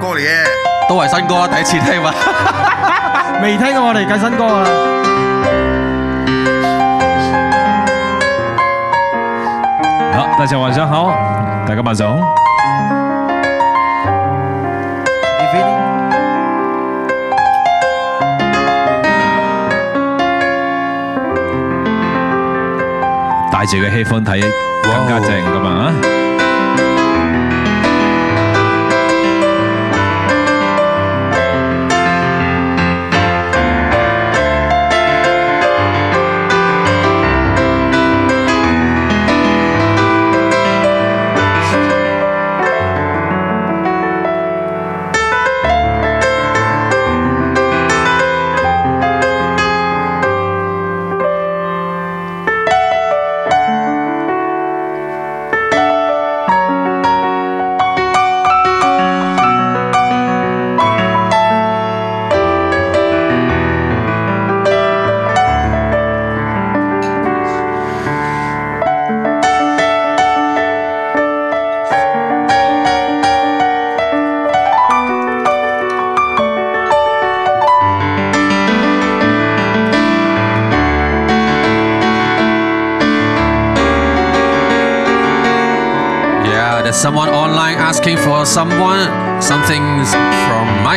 歌嚟，都係新歌啦，第一次聽嘛，未聽過我哋嘅新歌啊！好，大家晚上好，大家晚上好，帶住個氣氛睇，更加正噶嘛啊！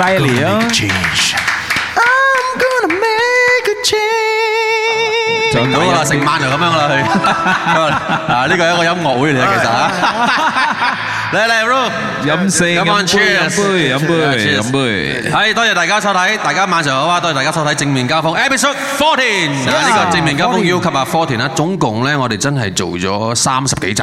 犀利啊！做到啦，成晚就咁樣啦，去啊！呢個係一個音樂會嚟嘅，其實啊，嚟嚟，飲四杯，飲杯，飲杯，係多謝大家收睇，大家晚上好啊！多謝大家收睇《正面交鋒 Episode Fourteen》，啊，呢個正面交鋒 U 級啊，Fourteen 啦，總共咧，我哋真係做咗三十幾集。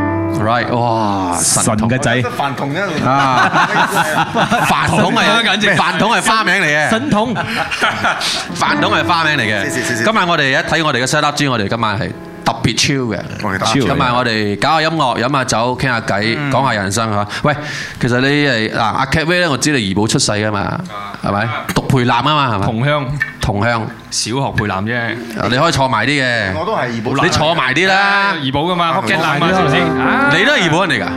哇！Right. Wow, 神童嘅仔，飯桶啊！飯桶係簡直，飯桶係花名嚟嘅。神童，飯桶係花名嚟嘅。今晚我哋一睇我哋嘅 set up 之後，我哋今晚係。特別 chill 嘅，咁咪我哋搞下音樂，飲下酒，傾下偈，講下人生嚇。喂，其實你係嗱阿 Ket Wei 咧，我知你怡保出世噶嘛，係咪？讀培南啊嘛，係咪？同鄉，同鄉，小學培南啫。你可以坐埋啲嘅，我都係怡保。你坐埋啲啦，怡保噶嘛，福建啊嘛，你都係怡保人嚟㗎。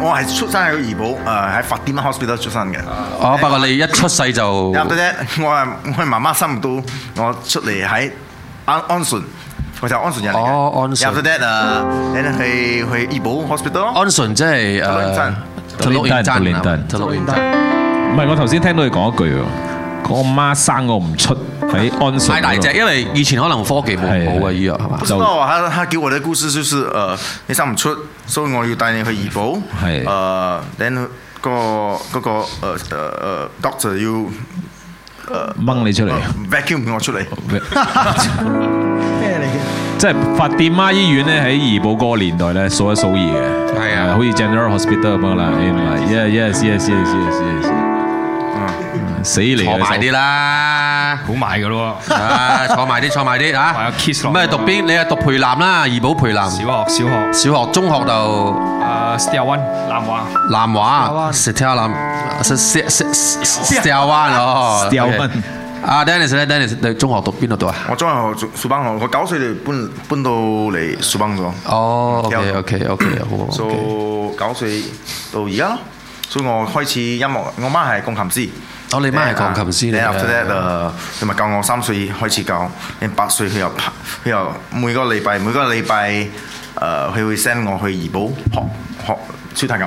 我係出生喺怡保，誒喺法典 hospital 出生嘅。我發覺你一出世就啱得啫。我係我係媽媽生唔到，我出嚟喺安安順。我就安神人嚟嘅，又唔得啦，你諗去去醫保 hospital？安神即係特洛伊丹，特洛伊丹，特洛伊丹。唔係，我頭先聽到你講一句喎，講我媽生我唔出喺安神，太大隻，因為以前可能科技冇好啊醫藥，係嘛？所以我話嚇嚇，叫我的故事就是誒，你生唔出，所以我要帶你去醫保，係誒，then 個嗰個誒誒誒 doctor 要誒掹你出嚟，vacuum 我出嚟。即係佛殿媽醫院咧，喺怡保嗰個年代咧，數一數二嘅。係啊，好似 General Hospital 咁啦。一、一、一、二、三、四、四、四、四。一死嚟坐埋啲啦。好埋嘅咯。啊，坐埋啲，坐埋啲嚇。係啊，Kiss。咁啊，讀邊？你係讀培南啦，怡保培南。小學，小學，小學、中學就。誒，Stewardone。南華。南華。Stewardone。Stewardone。Stewardone。啊，Dennis 咧，Dennis 你中學讀邊度讀啊？我中學蘇邦學，我九歲就搬搬到嚟蘇邦咗。哦，OK OK OK，好。所以九歲到而家咯，所以我開始音樂。我媽係鋼琴師。哦，你媽係鋼琴師嚟嘅。After that，佢咪教我三歲開始教，然後八歲佢又佢又每個禮拜每個禮拜誒，佢會 send 我去怡保學學小提琴。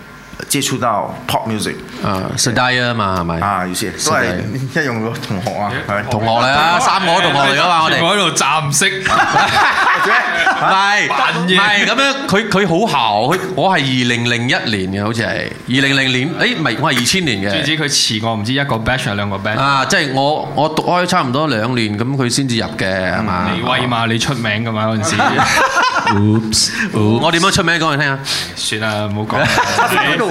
接觸到 pop music 啊，style 啊嘛，係咪啊？有些都係一用個同學啊，係同學嚟啊，三個同學嚟噶嘛，我哋我喺度暫時係係咁樣，佢佢好姣，佢我係二零零一年嘅，好似係二零零年，誒唔係，我係二千年嘅。指指佢遲我唔知一個 batch 定兩個 batch 啊！即係我我讀開差唔多兩年，咁佢先至入嘅，係嘛？你威嘛？你出名噶嘛？嗰陣時，我點樣出名講嚟聽下？算啦，唔好講。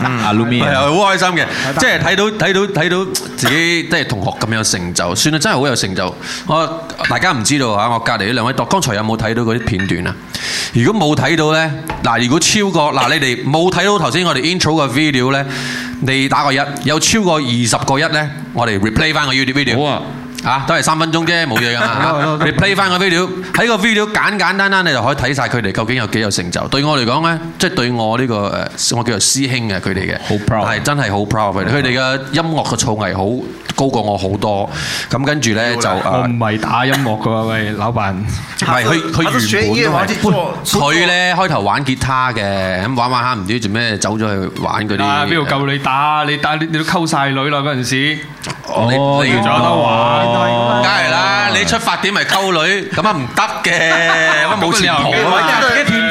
嗯，係啊，好開心嘅，即係睇到睇到睇到自己即係同學咁有成就，算啦，真係好有成就。我大家唔知道啊，我隔籬呢兩位，剛才有冇睇到嗰啲片段啊？如果冇睇到咧，嗱，如果超過嗱，你哋冇睇到頭先我哋 intro 嘅 video 咧，你打個一，有超過二十個一咧，我哋 replay 翻個 YouTube video。啊，都係三分鐘啫，冇嘢噶嘛。你 play 翻個 video，喺個 video 簡簡單單，你就可以睇曬佢哋究竟有幾有成就。對我嚟講咧，即係對我呢個誒，我叫做師兄嘅佢哋嘅，係真係好 proud 佢哋。佢哋嘅音樂嘅造詣好高過我好多。咁跟住咧就，我唔係打音樂㗎，喂，老闆，唔係佢佢原本，佢咧開頭玩吉他嘅，咁玩玩下唔知做咩走咗去玩嗰啲。啊，邊度夠你打？你打你都溝曬女啦嗰陣時。哦，你仲有得玩？梗係啦，你出發點係溝女，咁樣唔得嘅，冇前途啊嘛。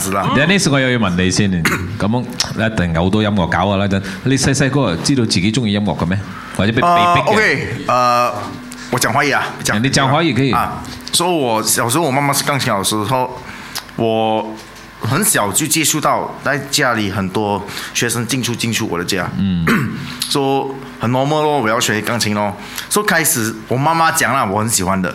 嗯、一我有呢事我又要問你先，咁 一定有好多音樂搞啊！嗰陣你細細個知道自己中意音樂嘅咩？或者被被逼嘅、uh,？OK，誒、uh,，我講華語啊，講你講華語可以啊。所、so, 以，我小時候我媽媽是鋼琴老師，後、so, 我很小就接觸到，在家裡很多學生進出進出我的家。嗯，說、so, 很 normal 咯，我要學鋼琴咯。說、so, 開始我媽媽講啦，我很喜歡的。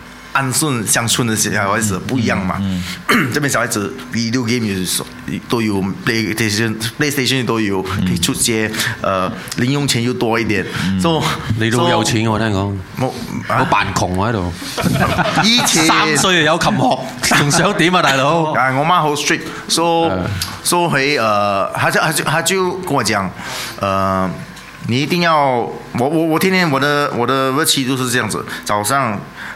安順鄉村的小孩子唔、嗯、一樣嘛，嗯、呢邊小孩子 video game 都有，都有 Play Station，Play Station 都有，嗯、可以出街，誒、呃，零用錢又多一點，so、嗯、以你都好有錢，以以我聽講，冇、啊，我扮窮喺度，以前 三歲有琴學，仲想點啊，大佬？但係、啊、我媽好 strict，所以所以呃，佢就佢就佢就跟我講，呃，你一定要，我我我天天我的我的作息都是這樣子，早上。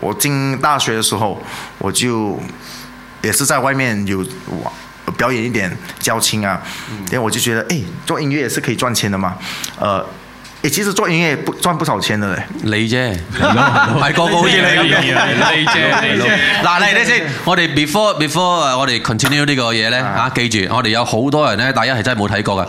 我進大學的時候，我就也是在外面有表演一點交情啊，因為、嗯、我就覺得，誒、欸，做音樂也是可以賺錢的嘛，誒、呃欸，其實做音樂不賺不少錢的咧。你啫，擺高高去啦，你啫，你啫、啊。嗱 ，嚟你先，我哋 before before 啊、uh,，我哋 continue 個呢個嘢咧，啊，記住，我哋有好多人咧，大家係真係冇睇過噶。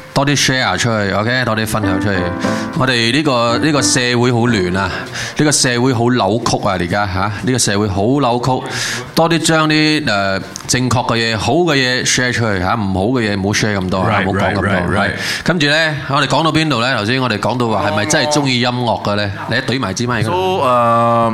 多啲 share 出去，OK，多啲分享出去。我哋呢個呢個社會好亂啊，呢個社會好扭曲啊，而家吓，呢個社會好扭曲。多啲將啲誒正確嘅嘢、好嘅嘢 share 出去吓，唔好嘅嘢唔好 share 咁多，唔好講咁多。跟住咧，我哋講到邊度咧？頭先我哋講到話係咪真係中意音樂嘅咧？你一懟埋支咪？都誒。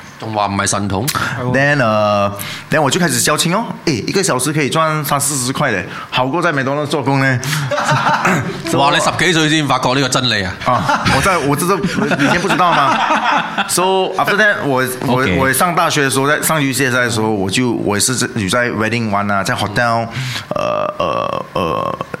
我唔係神童，then 呃、uh, 我就開始教琴哦，一個小時可以賺三四十塊咧，好過在麥當勞做工咧。 哇！ 你十幾歲先發覺呢個真理啊！ 啊我在我真係以前不知道嘛，所、so, 以我我我上大學的時候，在上 UCSI 的時候，我就我也是係喺 wedding 玩啊，在 hotel，呃呃呃。呃呃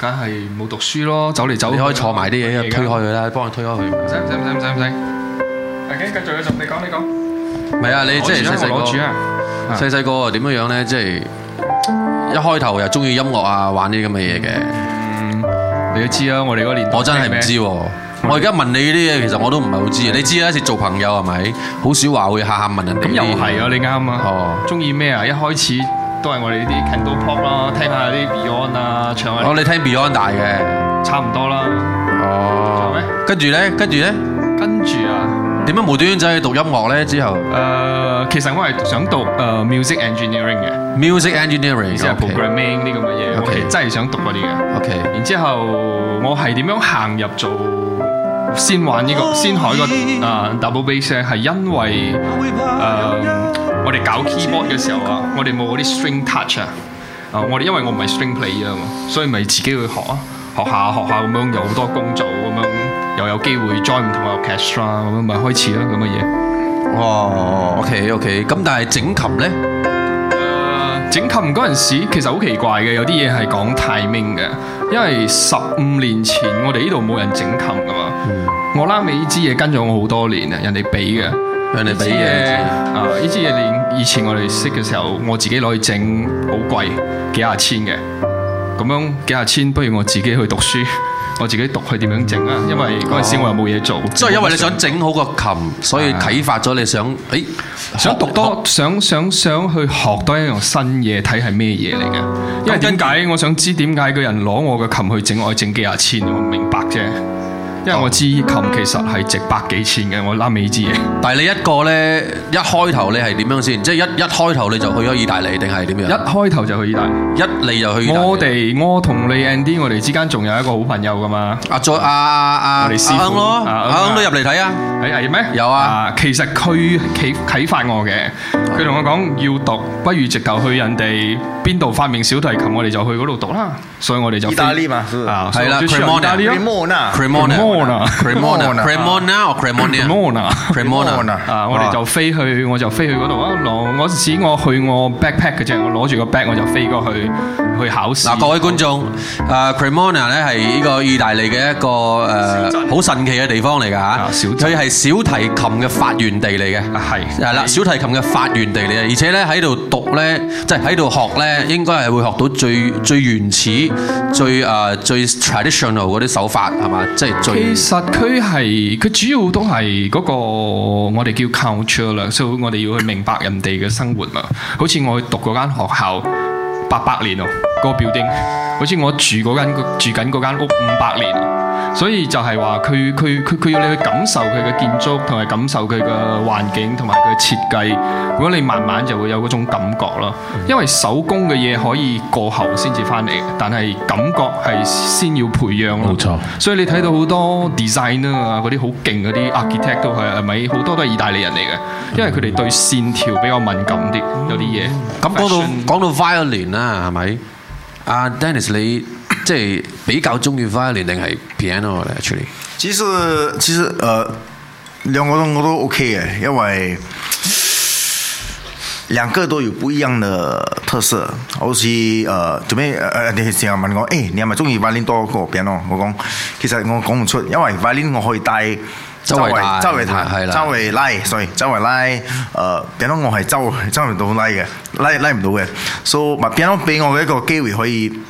梗係冇讀書咯，走嚟走，你可以坐埋啲嘢，推開佢啦，幫佢推開佢。唔使唔使唔使唔使，OK，繼續啊，仲你講你講。唔係啊，你即係細細個，細細個點樣樣咧？即係一開頭又中意音樂啊，玩啲咁嘅嘢嘅。嗯，你都知啊，我哋嗰年。我真係唔知喎，我而家問你啲嘢，其實我都唔係好知啊。你知啊？一直做朋友係咪？好少話會下下問人。咁又係啊？你啱啊。哦，中意咩啊？一開始。都係我哋啲 candle pop 啦，聽下啲 Beyond 啊，唱下歌。哦，你聽 Beyond 大嘅，差唔多啦。哦。跟住咧，跟住咧，跟住啊！點樣無端端走去讀音樂咧？之後，誒，其實我係想讀誒 music engineering 嘅，music engineering，即係 programming 呢咁嘅嘢，我係真係想讀嗰啲嘅。O K。然之後我係點樣行入做先玩呢個先海個啊 double bass 係因為誒。我哋搞 keyboard 嘅時候啊，我哋冇嗰啲 string touch 啊，啊我哋因為我唔係 string player 啊嘛，所以咪自己去學啊，學下學下咁樣，有好多工做咁樣，又有機會 join 唔同嘅 orchestra 咁樣咪開始啦咁嘅嘢。哦 OK OK，咁、okay，但係整琴咧？誒，uh，整琴嗰陣時其實好奇怪嘅，有啲嘢係講 timing 嘅，因為十五年前我哋呢度冇人整琴噶嘛，mm。我拉美支嘢跟咗我好多年啊，人哋俾嘅。呢支嘢，啊！呢支嘢，你以前我哋識嘅時候，我自己攞去整，好貴，幾廿千嘅。咁樣幾廿千，不如我自己去讀書，我自己讀去點樣整啊？因為嗰陣時我又冇嘢做。即係、哦、因為你想整好個琴，所以啟發咗你想，誒、啊，哎、想讀多，學想想想去學多一樣新嘢，睇係咩嘢嚟嘅？因為點解著我想知點解個人攞我嘅琴去整，我去整幾廿千？我唔明白啫。因為我知琴其實係值百幾千嘅，我諗你知嘅。但係你一個咧，一開頭你係點樣先？即係一一開頭你就去咗意大利，定係點樣？一開頭就去意大利，一嚟就去意大利，意大利我們。我哋我同你 Andy，我哋之間仲有一個好朋友噶嘛。阿再阿我哋阿 Ang 咯 a 都入嚟睇啊。誒，係、啊、咩？看看有啊，啊、嗯、啊，其實佢啟啟發我嘅。佢同我講要讀，不如直頭去人哋邊度發明小提琴，我哋就去嗰度讀啦。所以我哋就意大利嘛，啊，係啦，Cremona，Cremona，Cremona，Cremona，Cremona，Cremona，啊，我哋就飛去，我就飛去嗰度啊。我我只我去我 backpack 嗰隻，我攞住個 back 我就飛過去去考試。嗱，各位觀眾，啊，Cremona 咧係呢個意大利嘅一個誒好神奇嘅地方嚟㗎嚇，佢係小提琴嘅發源地嚟嘅，係係啦，小提琴嘅發源。而且咧喺度讀呢，即係喺度學呢，應該係會學到最最原始、最誒、uh, 最 traditional 嗰啲手法，係嘛？即係最。其實佢係佢主要都係嗰個我哋叫 culture 啦，所以我哋要去明白人哋嘅生活嘛。好似我去讀嗰間學校八百年哦，個表丁；好似我住嗰間住緊嗰間屋五百年。所以就係話佢佢佢佢要你去感受佢嘅建築同埋感受佢嘅環境同埋佢嘅設計，如果你慢慢就會有嗰種感覺咯。嗯、因為手工嘅嘢可以過後先至翻嚟，但係感覺係先要培養咯。冇錯，所以你睇到好多 design 啊，嗰啲好勁嗰啲 architect 都係係咪？好多都係意大利人嚟嘅，因為佢哋對線條比較敏感啲，有啲嘢。咁、嗯、fashion、講到講到 violin 啦，係咪？阿 Dennis 你？即係比較中意 violin 定係 piano 嚟處理？其實其實誒，兩個都我都 OK 嘅，因為兩個都有不一樣嘅特色。好似誒，做咩誒誒，啲人成日問我：誒，你係咪中意 violin 多過 piano？我講其實我講唔出，因為 violin 我可以帶周圍，周圍彈係啦，周圍拉，所以周圍拉誒 piano 我係周周圍到拉嘅，拉拉唔到嘅。所以 piano 俾我嘅一個機會可以。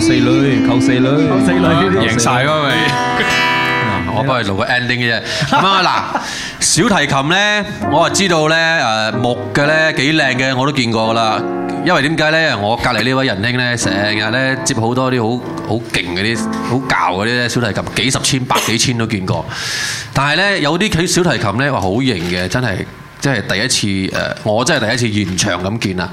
四女求四女，贏晒咯咪！嗱，我幫你錄個 ending 嘅啫。咁啊嗱，小提琴咧，我就知道咧誒木嘅咧幾靚嘅，我都見過啦。因為點解咧？我隔籬呢位仁兄咧，成日咧接好多啲好好勁嗰啲好舊嗰啲咧小提琴，幾十千、百幾千都見過。但係咧有啲佢小提琴咧話好型嘅，真係。即係第一次誒，我真係第一次現場咁見啊！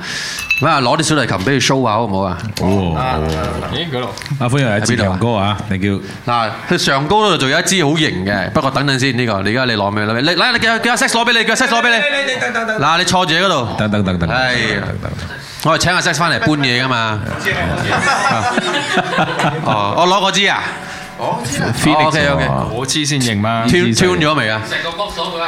哇，攞啲小提琴俾佢 show 下好唔好啊？好！咦，嗰度阿輝又有隻長高啊？你叫嗱，佢上高嗰度仲有一支好型嘅，不過等陣先，呢個你而家你攞咩咧？你叫阿阿 six 攞俾你，阿 six 攞俾你。你你等等等。嗱，你坐住喺嗰度。等等等等。係。等等。我哋請阿 six 翻嚟，搬嘢噶嘛？哦，我攞嗰支啊！我知啦，我支先型嘛。turn turn 咗未啊？成個高手㗎！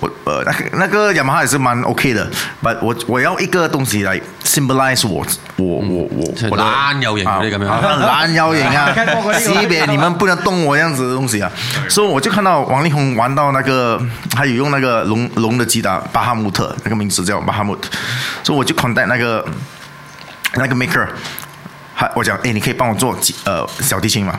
我，呃，那，那個雅馬哈也是蠻 OK 的，but 我我要一個東西來 symbolize 我，我，我，我，彎腰、嗯、的影嗰啲咁樣，彎腰、啊、影啊，區別你們不能動我樣子的東西啊，所、so、以我就看到王力宏玩到那個，還有用那個龍龍的吉他巴哈姆特，那個名字叫巴哈姆特，所、so、以我就 contact 那個，那個 maker，他我講，誒，你可以幫我做，呃，小提琴嘛？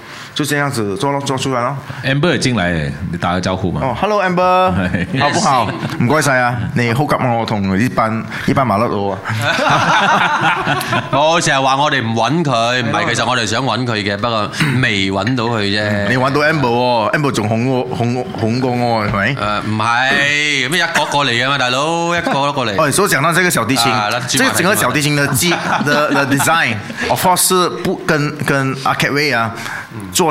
就這樣子做咯，做出來咯。Amber 進來，你打個招呼嘛。哦、oh,，Hello Amber，好唔、 oh, 好？唔該晒啊，你好急啊，我同呢班呢班麻甩佬啊！我成日話我哋唔揾佢，唔係、嗯、其實我哋想揾佢嘅，不過未揾到佢啫。你揾到 Amber 哦 Amber 仲恐我，恐恐過我係咪？誒、嗯，唔係咩一個過嚟嘅嘛，大佬一個個嚟。誒、 哎，所以講到這個小提琴，即係、啊、整個小提琴嘅 h the, e the design，of course 不跟跟,跟 Academy 啊做、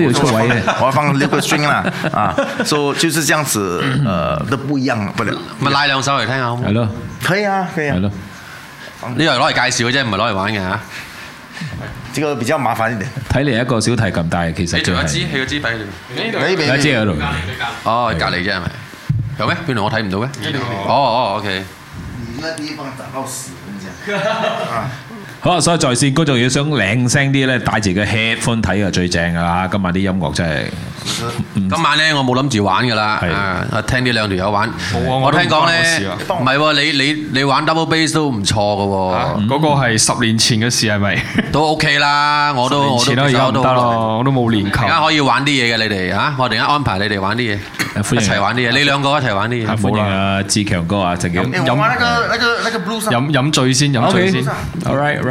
有位，我放 liquid string 啦，啊，所以就是這樣子，呃，都不一樣，不了，咪拉兩首嚟聽下，係咯，可以啊，可以啊，係咯，呢個係攞嚟介紹嘅啫，唔係攞嚟玩嘅吓，呢個比較麻煩啲，睇嚟一個小提琴，但係其實，仲有一支，起個支你俾喺度，哦，隔籬啫係咪？有咩？原來我睇唔到咩？哦哦，OK。好啦！所以在線觀眾要想靚聲啲咧，帶住個 headphone 睇啊，最正噶啦！今晚啲音樂真係。今晚咧，我冇諗住玩噶啦。係啊，聽呢兩條友玩。冇啊，我聽講咧，唔係喎，你你你玩 double bass 都唔錯噶喎。嗰個係十年前嘅事係咪？都 OK 啦，我都我都其實都得咯，我都冇練琴。而家可以玩啲嘢嘅你哋嚇，我突然間安排你哋玩啲嘢，一齊玩啲嘢。你兩個一齊玩啲嘢。歡迎阿志強哥啊，陳傑。飲飲醉先，飲醉先。Alright.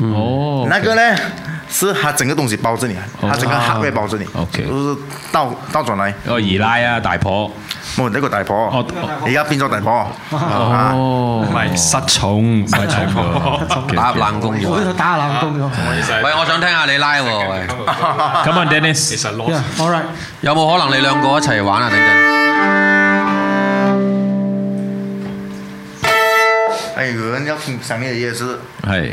哦，那個呢？是他整個東西包住你，他整個黑位包住你，OK，到到轉來，哦姨奶啊大婆，冇人得一個大婆，你而家變咗大婆，哦，咪失寵，失寵，打冷工，我喺打冷工喂，我想聽下你拉喎，Come on Dennis，其實攞，All right，有冇可能你兩個一齊玩啊？等陣，哎呀，要聽上嘅也是，係。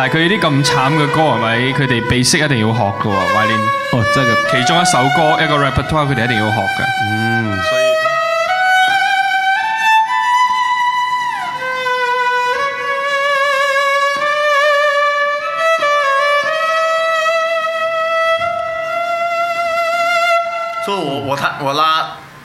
但係佢啲咁慘嘅歌係咪？佢哋必須一定要學嘅喎，懷哦，oh, 真係其中一首歌一個 repertoire，佢哋一定要學嘅。嗯，所以所、so, 我我我拉。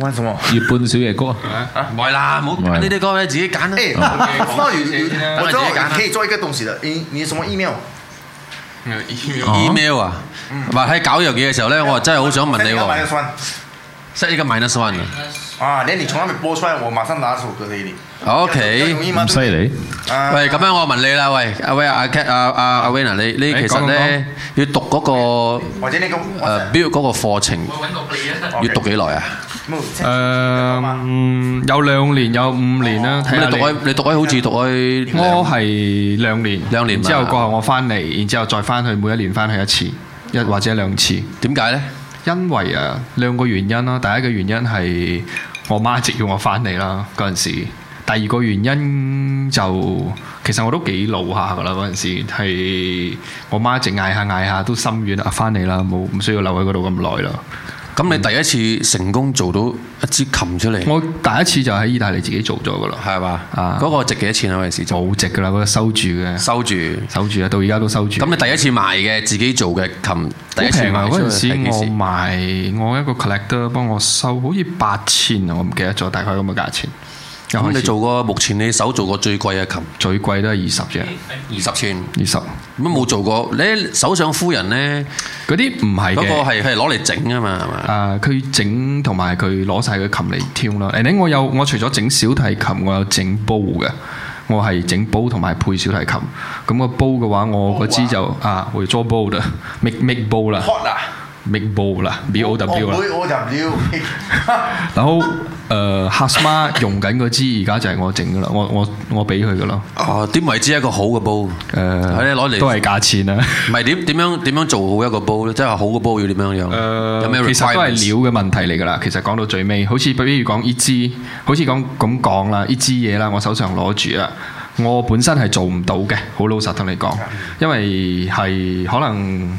玩什麼？月半小夜曲啊！唔係啦，唔好呢啲歌咧，自己揀。誒，放如自己揀，可以做一個東西嘅。你你有什麼 email？email 啊，話喺搞遊戲嘅時候咧，我真係好想問你喎。識呢個 minus one？啊，呢你從來沒播出嚟，我馬上打手俾你。OK，唔犀利。喂，咁樣我問你啦，喂阿威阿 Ket 阿阿阿威娜，你你其實咧要讀嗰個或者呢個誒 build 嗰個課程，要讀幾耐啊？誒、嗯，有兩年有五年啦，哦。你讀喺你讀好似讀喺，嗯、我係兩年兩年後，之後過後我翻嚟，然之後再翻去，每一年翻去一次，一或者兩次。點解，哦，呢？因為啊，兩個原因啦。第一個原因係我媽一直要我翻嚟啦，嗰陣時。第二個原因就其實我都幾老下噶啦，嗰陣時係我媽一直嗌下嗌下都心軟啊，翻嚟啦，冇唔需要留喺嗰度咁耐啦。咁、嗯、你第一次成功做到一支琴出嚟？我第一次就喺意大利自己做咗噶啦，係嘛？嗰、啊、個值幾多錢啊？嗰陣時冇值噶啦，嗰、那個收住嘅，收住著，收住著啊！到而家都收住。咁你第一次賣嘅，自己做嘅琴，第一次賣嗰陣時我賣，我一個 collector 幫我收，好似八千啊，我唔記得咗，大概咁嘅價錢。咁你做過？目前你手做過最貴嘅琴，最貴都係二十隻，二十串，二十。咁啊冇做過。你首相夫人咧，嗰啲唔係嘅。嗰個係係攞嚟整啊嘛，係嘛？啊，佢整同埋佢攞晒個琴嚟跳啦。誒，我有我除咗整小提琴，我有整煲嘅。我係整煲同埋配小提琴。咁個煲嘅話，我嗰支就啊會做煲啦，make make 煲啦。名煲啦，B O W 啦。我唔會，我就唔料。嗱好，誒，哈斯媽用緊嗰支，而家就係我整噶啦，我我我俾佢噶咯。啊，點為之一個好嘅煲？誒，攞嚟都係價錢啊。唔係點點樣點樣做好一個煲咧？即係話好嘅煲要點樣樣？誒，有咩？其實都係料嘅問題嚟噶啦。其實講到最尾，好似比如講呢支，好似講咁講啦，呢支嘢啦，我手上攞住啦，我本身係做唔到嘅，好老實同你講，因為係可能。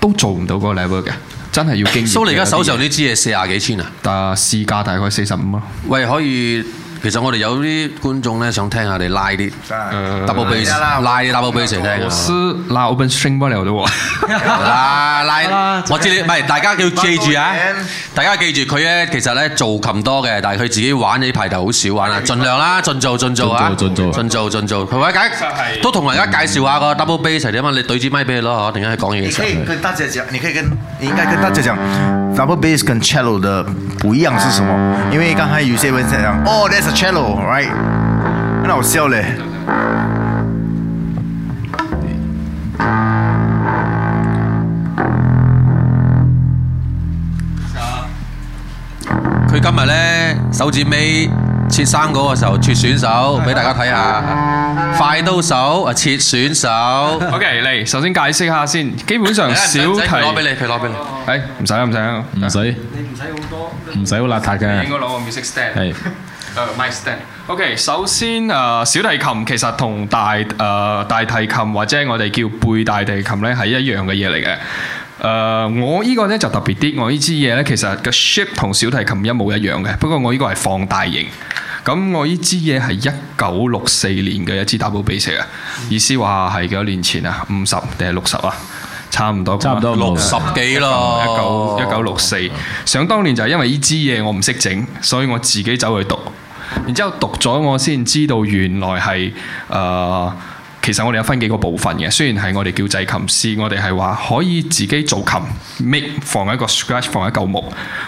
都做唔到嗰個 level 嘅，真係要經驗。所以你而家手上呢支嘢四十幾千啊？但係市價大概四十五咯。喂，可以。其實我哋有啲觀眾咧，想聽下你拉啲 double bass，拉啲 double bass 嚟聽。我師拉我本聲波流咗喎。拉啦！我知你唔係大家要記住啊！大家記住佢咧，其實咧，做琴多嘅，但係佢自己玩呢啲排就好少玩啊！儘量啦，盡做盡做啊！盡做盡做，盡做盡做，佢咪解都同人家介紹下個 double bass 一齊啲你對住咪俾佢咯，嗬！突然間講嘢嘅時候，你可以跟大家講，你可以跟應該跟大家講 double bass 跟 cello 嘅唔一樣是什麼？因為剛才有些問 cello，right，我唔知你。佢今日咧手指尾切生嗰個時候切選手，俾大家睇下。快刀手啊！切選手。OK，嚟首先解釋下先。基本上小提，攞俾你，佢攞俾你。唉，唔使唔使唔使。你唔使好多。唔使好邋遢㗎。應該攞個 music stand。My OK，首先誒，小提琴其實同大誒、呃、大提琴或者我哋叫背大提琴咧係一樣嘅嘢嚟嘅。誒、呃，我呢個咧就特別啲，我呢支嘢咧其實個 shape 同小提琴一模一樣嘅，不過我呢個係放大型。咁我呢支嘢係一九六四年嘅一支 double bass 啊，嗯。意思話係幾多年前啊？五十定係六十啊？差唔多，差唔多六十幾咯。一九一九六四。想當年就係因為呢支嘢我唔識整，所以我自己走去讀。然之後讀咗，我先知道原來係、呃、其實我哋有分幾個部分嘅。雖然係我哋叫製琴師，我哋係話可以自己做琴，make 放一個 scratch 放一嚿木，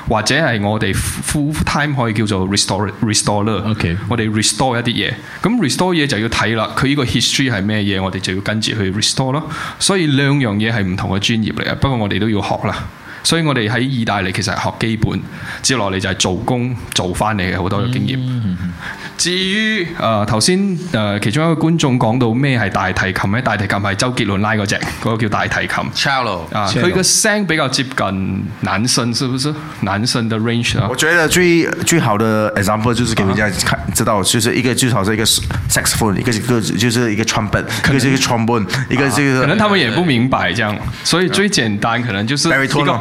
或者係我哋 full time 可以叫做 restore，restorer, Okay. 我哋 restore 一啲嘢，咁 restore 嘢就要睇啦。佢呢個 history 係咩嘢？我哋就要跟住去 restore 咯。所以兩樣嘢係唔同嘅專業嚟嘅，不過我哋都要學啦。所以我哋喺意大利其實係學基本，接落嚟就係做工做翻嚟嘅好多嘅經驗。嗯嗯嗯、至於誒頭先誒其中一個觀眾講到咩係大提琴咧？大提琴係周杰倫拉嗰隻，嗰個叫大提琴。Cello 啊，佢個嘍聲比較接近男生，是不是？男生的 range 啊。我覺得最最好的 example 就是給人家看、啊、知道，就是一個最好是一個 saxophone、啊、一個就是一個 trumpet，能一個是 trombone、啊、一個 trumpet，一個這個。啊、可能他們也不明白這樣，對所以最簡單可能就是 it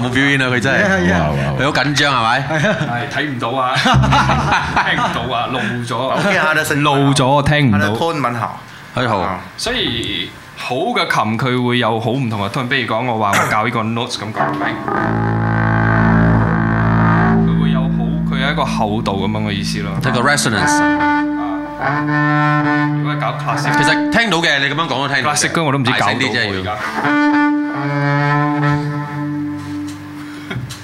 冇表演啦，佢真係，佢好緊張係咪？係睇唔到啊，聽唔到啊，露咗，今日都成露咗，聽唔到潘敏豪，你好，所以好嘅琴佢會有好唔同嘅 tone。比如講我話我教呢個 notes 咁講，佢會有好，佢係一個厚度咁樣嘅意思咯。一個 resonance 啊，如果係搞卡色，其實聽到嘅你咁樣講都聽到。卡色嘅我都唔知搞啲啫。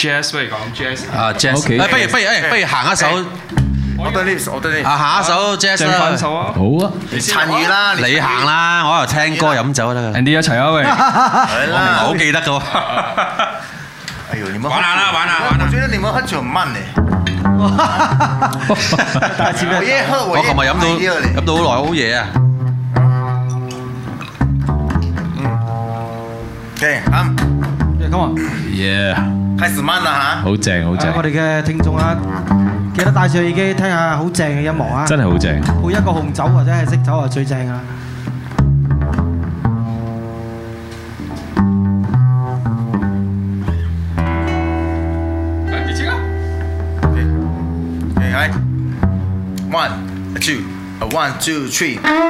Jazz way 講 Jazz 啊 Jazz，誒不如不如誒，不如行一首。我對呢，我對呢。啊下一首 Jazz 啦。唱翻首啊。好啊。你參與啦。你行啦，我又聽歌飲酒得㗎。你一齊啊喂。係啦。好記得㗎喎。哎呦，你唔玩下啦玩下玩下，最多你唔好開住蚊你。哈哈哈！打字咩？我琴日飲到飲到好耐好嘢啊。Okay，come，come on。Yeah. 開始慢啦，吓，好正好正，我哋嘅聽眾啊，記得戴上耳機聽下好正嘅音樂啊，真係好正，配一個紅酒或者係色酒啊，最正啊。開始啦，OK OK，係，One Two One Two Three。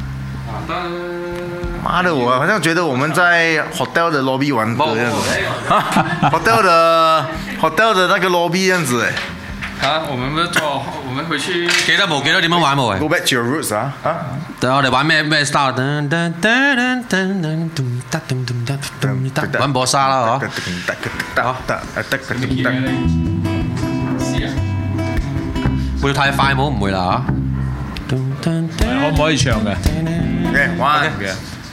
媽、啊、的，我好像覺得我們在 hotel 的 lobby 玩的樣子 ，hotel 的 hotel 的那個 lobby 這樣子哎。好、 啊，我們不是走，我們回去記得冇？記得點樣玩冇？Go back to your roots 啊？等下我哋玩咩咩 star？玩波莎啦嗬？啊啊、會太快冇？唔會啦啊。可唔、嗯、可以唱嘅？OK，玩。Okay.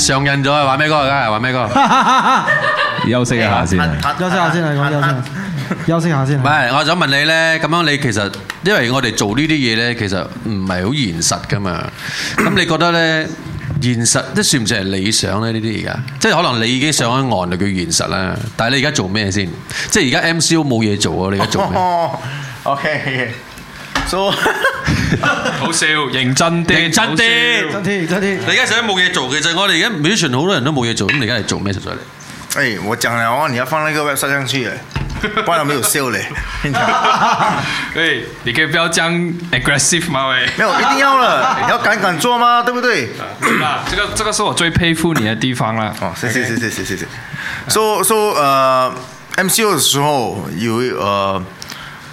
上印咗啊！玩咩歌？而家係玩咩歌？休息一下先。休息下先啊！我休息。休息下先。唔係，我想問你咧，咁樣你其實，因為我哋做呢啲嘢咧，其實唔係好現實噶嘛。咁你覺得咧，現實都算唔算係理想咧？呢啲而家，即係可能你已經上咗岸就叫現實啦。但係你而家做咩先？即係而家 M C O 冇嘢做啊！你而家做咩？O K，做。好笑，認真啲，認真啲， 真啲，真啲。你而家實質冇嘢做，其實我哋而家 musician 好多人都冇嘢做，咁 你而家嚟做咩實在嚟？誒、欸，我講嘅話你要放喺個 website 上去，不然冇有笑咧、 欸。你可以不要將 aggressive 嘛喂？冇，一定要啦，你要敢敢做嘛，對唔對？啊，這個這個是我最佩服你嘅地方啦。哦，謝謝謝謝謝謝謝。所以所以 MCO 嘅時候有誒。Uh,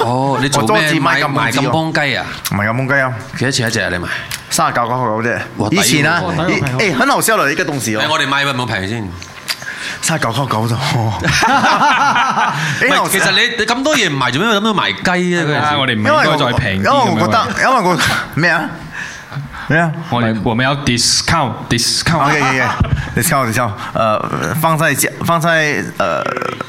哦，你做咩買賣咁賣甘榜雞啊？唔係甘榜雞啊？幾多錢一隻啊？你賣三十九九九啫。以前啊，誒，很好 sell 嚟嘅嗰陣時我哋賣咪冇平先，三十九九九啫，哦。 其實你你咁多嘢唔賣，做咩咁樣賣雞啊？嗰陣，啊，我哋唔應該再平啲。因為我，我覺得，因為個咩啊咩啊，我我冇有 discount，discount，discount，discount 呃，放在放在呃。Uh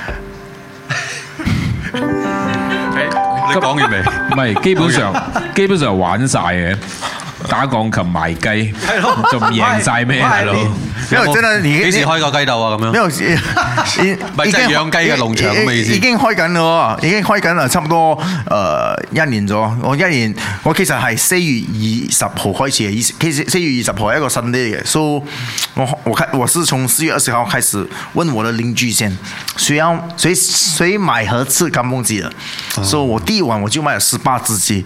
講完未？唔係，基本上 基本上玩完嘅。打鋼琴賣雞，係咯，就贏晒咩？係咯，冇真係，你幾時開個雞竇啊？咁樣，冇，唔係即係養雞嘅農場咁經意思已。已經開緊咯，已經開緊啦，差唔多誒一年咗。我一年，我其實係四月二十號開始，思。其實四月二十號係一個新啲嘅，所以我我我是從四月二十號開始問我嘅鄰居先，需要買何次雞公雞嘅，所以我第一晚我就賣咗十八隻。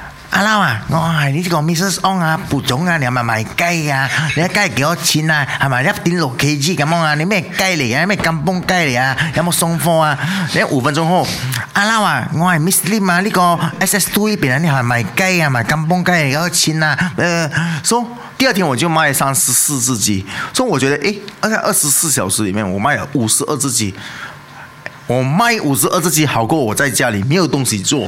阿拉啊，啊，我你呢個 Mrs Ong 啊，Puchong 啊，你係咪賣雞啊？你一雞幾多錢啊？係咪一點六 KG 咁樣啊？你咩雞嚟啊？咩甘榜雞嚟啊？有冇送貨啊？你，啊你，啊你有有啊五分鐘後，阿、啊、嬤啊，我係 Miss Lim 啊，呢個 SS Two 呢邊你係賣雞啊，賣甘榜雞幾多錢啊？呃，說、so，第二天我就賣三十四隻雞，所以我覺得，誒、欸，二二十四小時裡面我賣了五十二隻雞，我賣五十二隻雞好過我在家裏沒有東西做。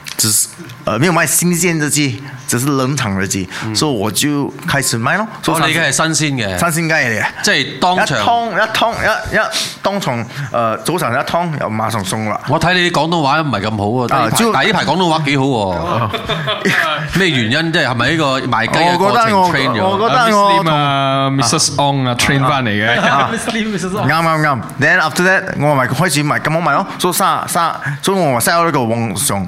只是，呃，沒有賣新鮮的雞，只是冷藏的雞，所以我就開始賣咯。我哋嘅係新鮮嘅，新鮮雞嘅，即係當場一湯一湯一一，當場，誒，早晨一湯又馬上送啦。我睇你廣東話唔係咁好啊，但係呢排廣東話幾好，咩原因啫？係咪呢個賣雞嘅過程 train 咗啊？Mr. Ong train 翻嚟嘅，啱啱啱。Then after that，我咪開始賣，咁樣賣咯。所以晒晒，所以我咪 sell 喺呢個網上，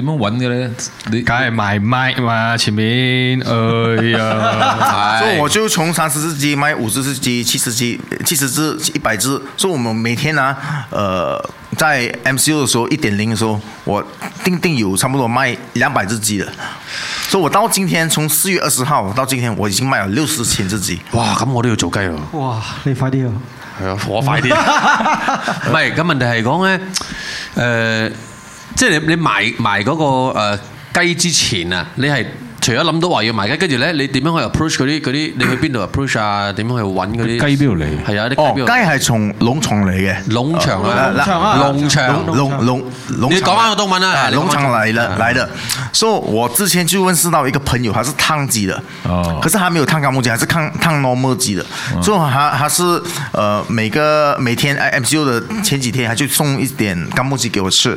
點樣搵嘅咧？你梗係賣賣嘛？前面 哎呀， 所以我就從三十隻雞賣五十隻雞、七十隻、七十隻、一百隻。所以我們每天啊，呃，在 MCO 嘅時候，一點零嘅時候，我定定有差不多賣兩百隻雞嘅。所以我到今天，從四月二十號到今天，我已經賣咗六十千隻雞。哇！咁我都要做雞咯。哇！你快啲啊。係啊，我快啲。唔 係， 咁問題係講咧，誒、呃。即係你你買買嗰個誒、呃、雞之前啊，你係除咗諗到話要買雞，跟住咧你點樣去 approach 嗰啲嗰啲？你去邊度 approach 啊？點樣去揾嗰啲雞邊度嚟？係啊，啲雞係、哦、從農場嚟嘅。農、呃、場啊，農、呃、場啊，場，農農農。你講翻個中文啊。農場嚟的嚟的，所以、so, 我之前就問識到一個朋友，他是養雞的，哦，可是他沒有養幹木雞，還是養養 normal 雞的，所、so, 以他他是、呃、每個每天 MCO 的前幾天，他就送一點幹木雞給我吃。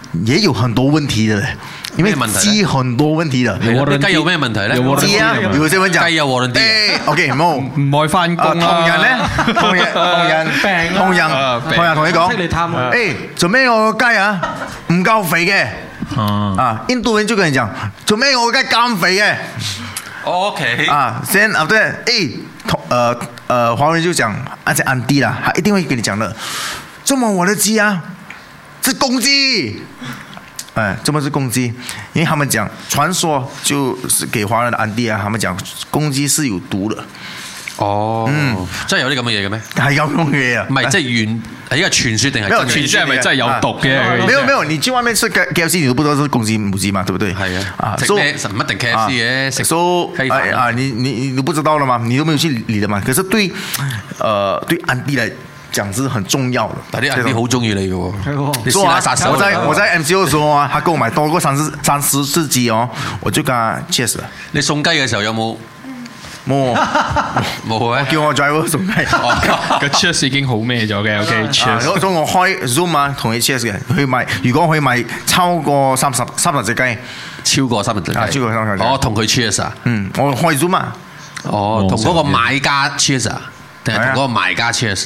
也有很多問題的，因為雞很多問題的。雞有咩問題咧？雞啊，比如先講雞有冇問題？OK，冇。唔可以返工啊！同人咧，同人同人同人同人同你講。哎，做咩我雞啊唔夠肥嘅？啊，印度人就跟你講，做咩我雞咁肥嘅？OK。啊，先啊，對，哎，同呃呃華人就講，阿隻 Andy 啦，佢一定會跟你講啦，中文我都知啊？是公雞，誒，怎麼是公雞，因為他們講傳說，就是給華人的安迪啊，他們講公雞是有毒的，哦，嗯，真係有啲咁嘅嘢嘅咩？係有咁嘢啊？唔係，即係傳係一個傳說定係？沒有傳說係咪真係有毒嘅？沒有沒有，你去外面食 KFC，你都不知道是公雞母雞嘛，對不對？係啊，食咩唔一定 KFC 食素啊，你你你都不知道了嗎？你都沒有去理的嗎？可是對，誒，對安迪嚟。講真很重要啦，但啲阿好中意你嘅喎。你收阿傻我喺我喺 MCO 嘅時候，佢購買多過三十、三十四 G 哦，我就加 Cheers。你送雞嘅時候有冇？冇，冇啊！叫我 Drive 送雞。個 Cheers 已經好咩咗嘅，OK Cheers？如果我開 Zoom 啊，同佢 Cheers 嘅，佢買如果佢買超過三十、三十隻雞，超過三十隻雞，超過三十隻雞，我同佢 Cheers 啊。嗯，我開 Zoom 啊，哦，同嗰個買家 Cheers 啊，定係同個賣家 Cheers？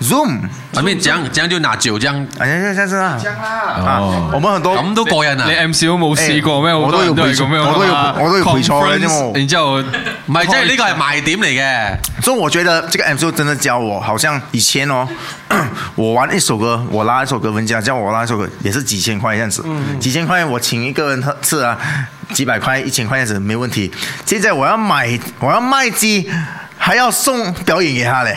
Zoom，咁咪將將就拿酒將，哎呀，先生啊，將啦，我們很多咁都過癮啊，你 MC 都冇試過咩？我都有背咁咩？我都有，我都有俾錯。然之後，唔係，即係呢個係賣點嚟嘅。所以我覺得呢個 MC 真的教我，好像以前哦，我玩一首歌，我拉一首歌，人家叫我拉一首歌，也是幾千塊樣子，幾千塊我請一個人吃啊，幾百塊、一千塊樣子，沒問題。現在我要買，我要賣機，還要送表演俾佢哋。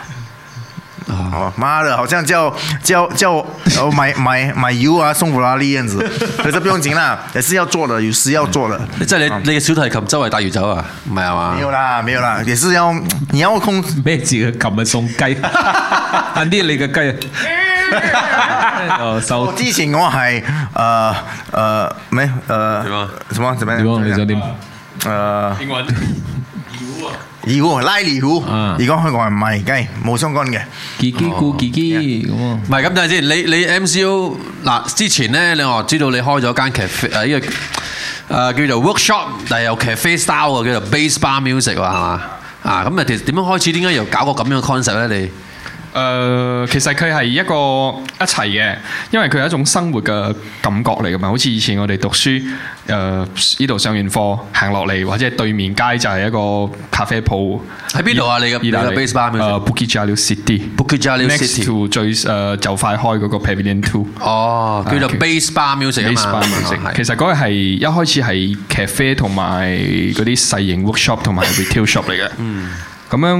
媽、哦、的，好像叫叫叫、哦、買買買，買油啊，送法拉利咁樣子，佢都不用錢啦，也是要做的，有時要做的。你再嚟，你嘅小提琴周圍帶住走啊？唔係啊嘛？沒有啦，沒有啦，也是要，你要我空咩字嘅琴啊送雞？阿 D， 你嘅雞？哦 之前我係，誒、呃、誒，咩、呃？誒、呃，呃、什麼？什麼？點樣？點樣？你做啲？誒，英文。 二胡、拉二胡，而家佢話唔係，梗係冇相干嘅，自己顧自己咁，唔係咁睇下先。你你 MCU 嗱，之前咧，你我知道你開咗間騎誒，呢個誒叫做 workshop，但係有 cafe style 叫做 base bar music 話係嘛啊？咁啊，其實點樣開始？點解又搞個咁樣嘅 concept 咧？你？誒，其實佢係一個一齊嘅，因為佢係一種生活嘅感覺嚟噶嘛，好似以前我哋讀書，誒呢度上完課行落嚟，或者對面街就係一個咖啡鋪，喺邊度啊？你嘅意大利誒，Bukit Jalil City，Bukit Jalil City，最誒就快開嗰個 Pavilion Two，哦，叫做 Base Bar Music 啊嘛，其實嗰個係一開始係咖啡同埋嗰啲細型 workshop 同埋 retail shop 嚟嘅。嗯咁樣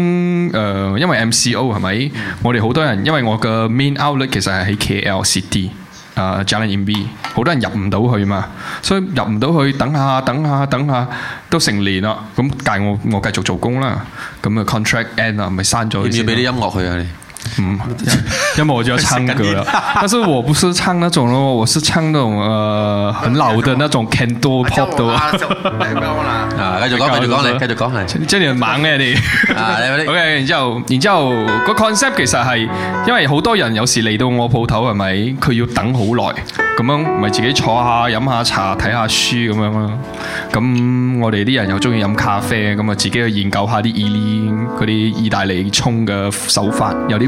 誒、呃，因為 MCO 係咪？嗯、我哋好多人，因為我嘅 main outlet 其實係喺 KLCD，誒、呃、Jalan Imbi 好多人入唔到去嘛，所以入唔到去，等下等下等下都成年啦，咁但係我我繼續做工啦，咁啊 contract end 要要啊，咪散咗。要唔要俾啲音樂佢啊？嗯，因為我就唱歌了，但是我不是唱那種咯，我是唱那種、呃、很老的那種 Canto Pop 的。啊，繼、啊、續講，繼續講嚟，繼續講嚟。真係猛嘅你，好嘅，然之後，然之後個 concept 其實係，因為好多人有時嚟到我鋪頭係咪，佢要等好耐，咁樣咪自己坐下飲下茶，睇下書咁樣咯。咁我哋啲人又中意飲咖啡，咁啊自己去研究下啲意，嗰啲意大利沖嘅手法，有啲。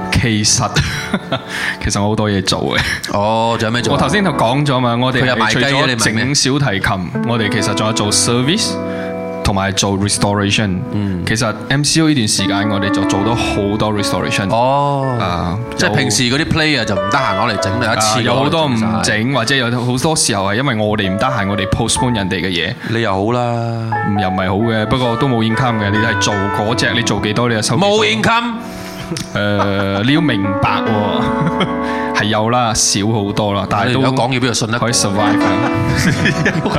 其實其實我好多嘢做嘅，哦，仲有咩做啊？我頭先就講咗嘛，我哋除咗整小提琴，我哋其實仲有做 service，同埋做 restoration。嗯，其實 MCO 呢段時間我哋就做咗好多 restoration。哦，啊，即係平時嗰啲 player 就唔得閒攞嚟整嚟一次，有好多唔整，或者有好多時候係因為我哋唔得閒，我哋 postpone 人哋嘅嘢。你又好啦，又唔係好嘅，不過都冇 income 嘅。你係做嗰隻，你做幾多你就收冇 income。誒，你要明白喎，係有啦，少好多啦，但係你有講嘢，邊度信得？可以 survive 啊！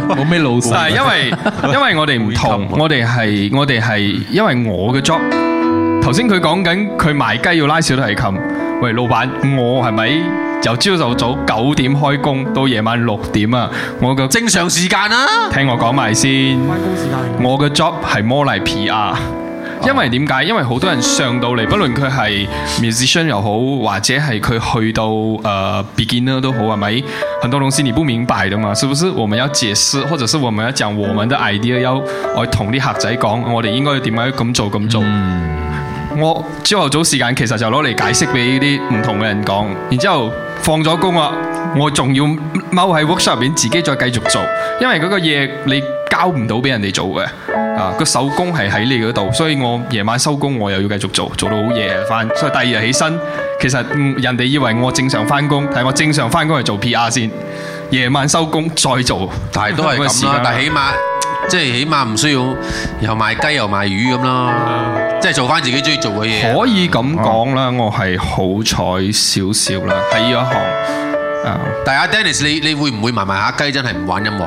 冇咩路，但係因為因為我哋唔同，我哋係我哋係，因為我嘅 job，頭先佢講緊佢賣雞要拉小提琴，喂老闆，我係咪由朝頭早九點開工到夜晚六點啊？我嘅正常時間啊！聽我講埋先，開工時間，我嘅 job 係摩泥皮啊！因為點解？因為好多人上到嚟，不論佢係 musician 又好，或者係佢去到誒 beginner 都好，係咪？很多東西你不明白的嘛，是不是？我們要解釋，或者是我們要講我，我們的 idea，要我同啲客仔講，我哋應該點樣咁做咁做。這樣做嗯、我朝頭早時間其實就攞嚟解釋俾啲唔同嘅人講，然之後放咗工啊，我仲要踎喺 workshop 入面自己再繼續做，因為嗰個嘢你交唔到俾人哋做嘅。啊！個手工係喺你嗰度，所以我夜晚收工，我又要繼續做，做到好夜翻，所以第二日起身，其實人哋以為我正常翻工，係我正常翻工係做 PR 先，夜晚收工再做，但係都係咁啦。但係起碼即係起碼唔需要又賣雞又賣魚咁啦，嗯、即係做翻自己中意做嘅嘢。可以咁講啦，嗯、我係好彩少少啦喺呢一行。啊、嗯，但係阿 Dennis，你你會唔會賣埋下雞？真係唔玩音樂？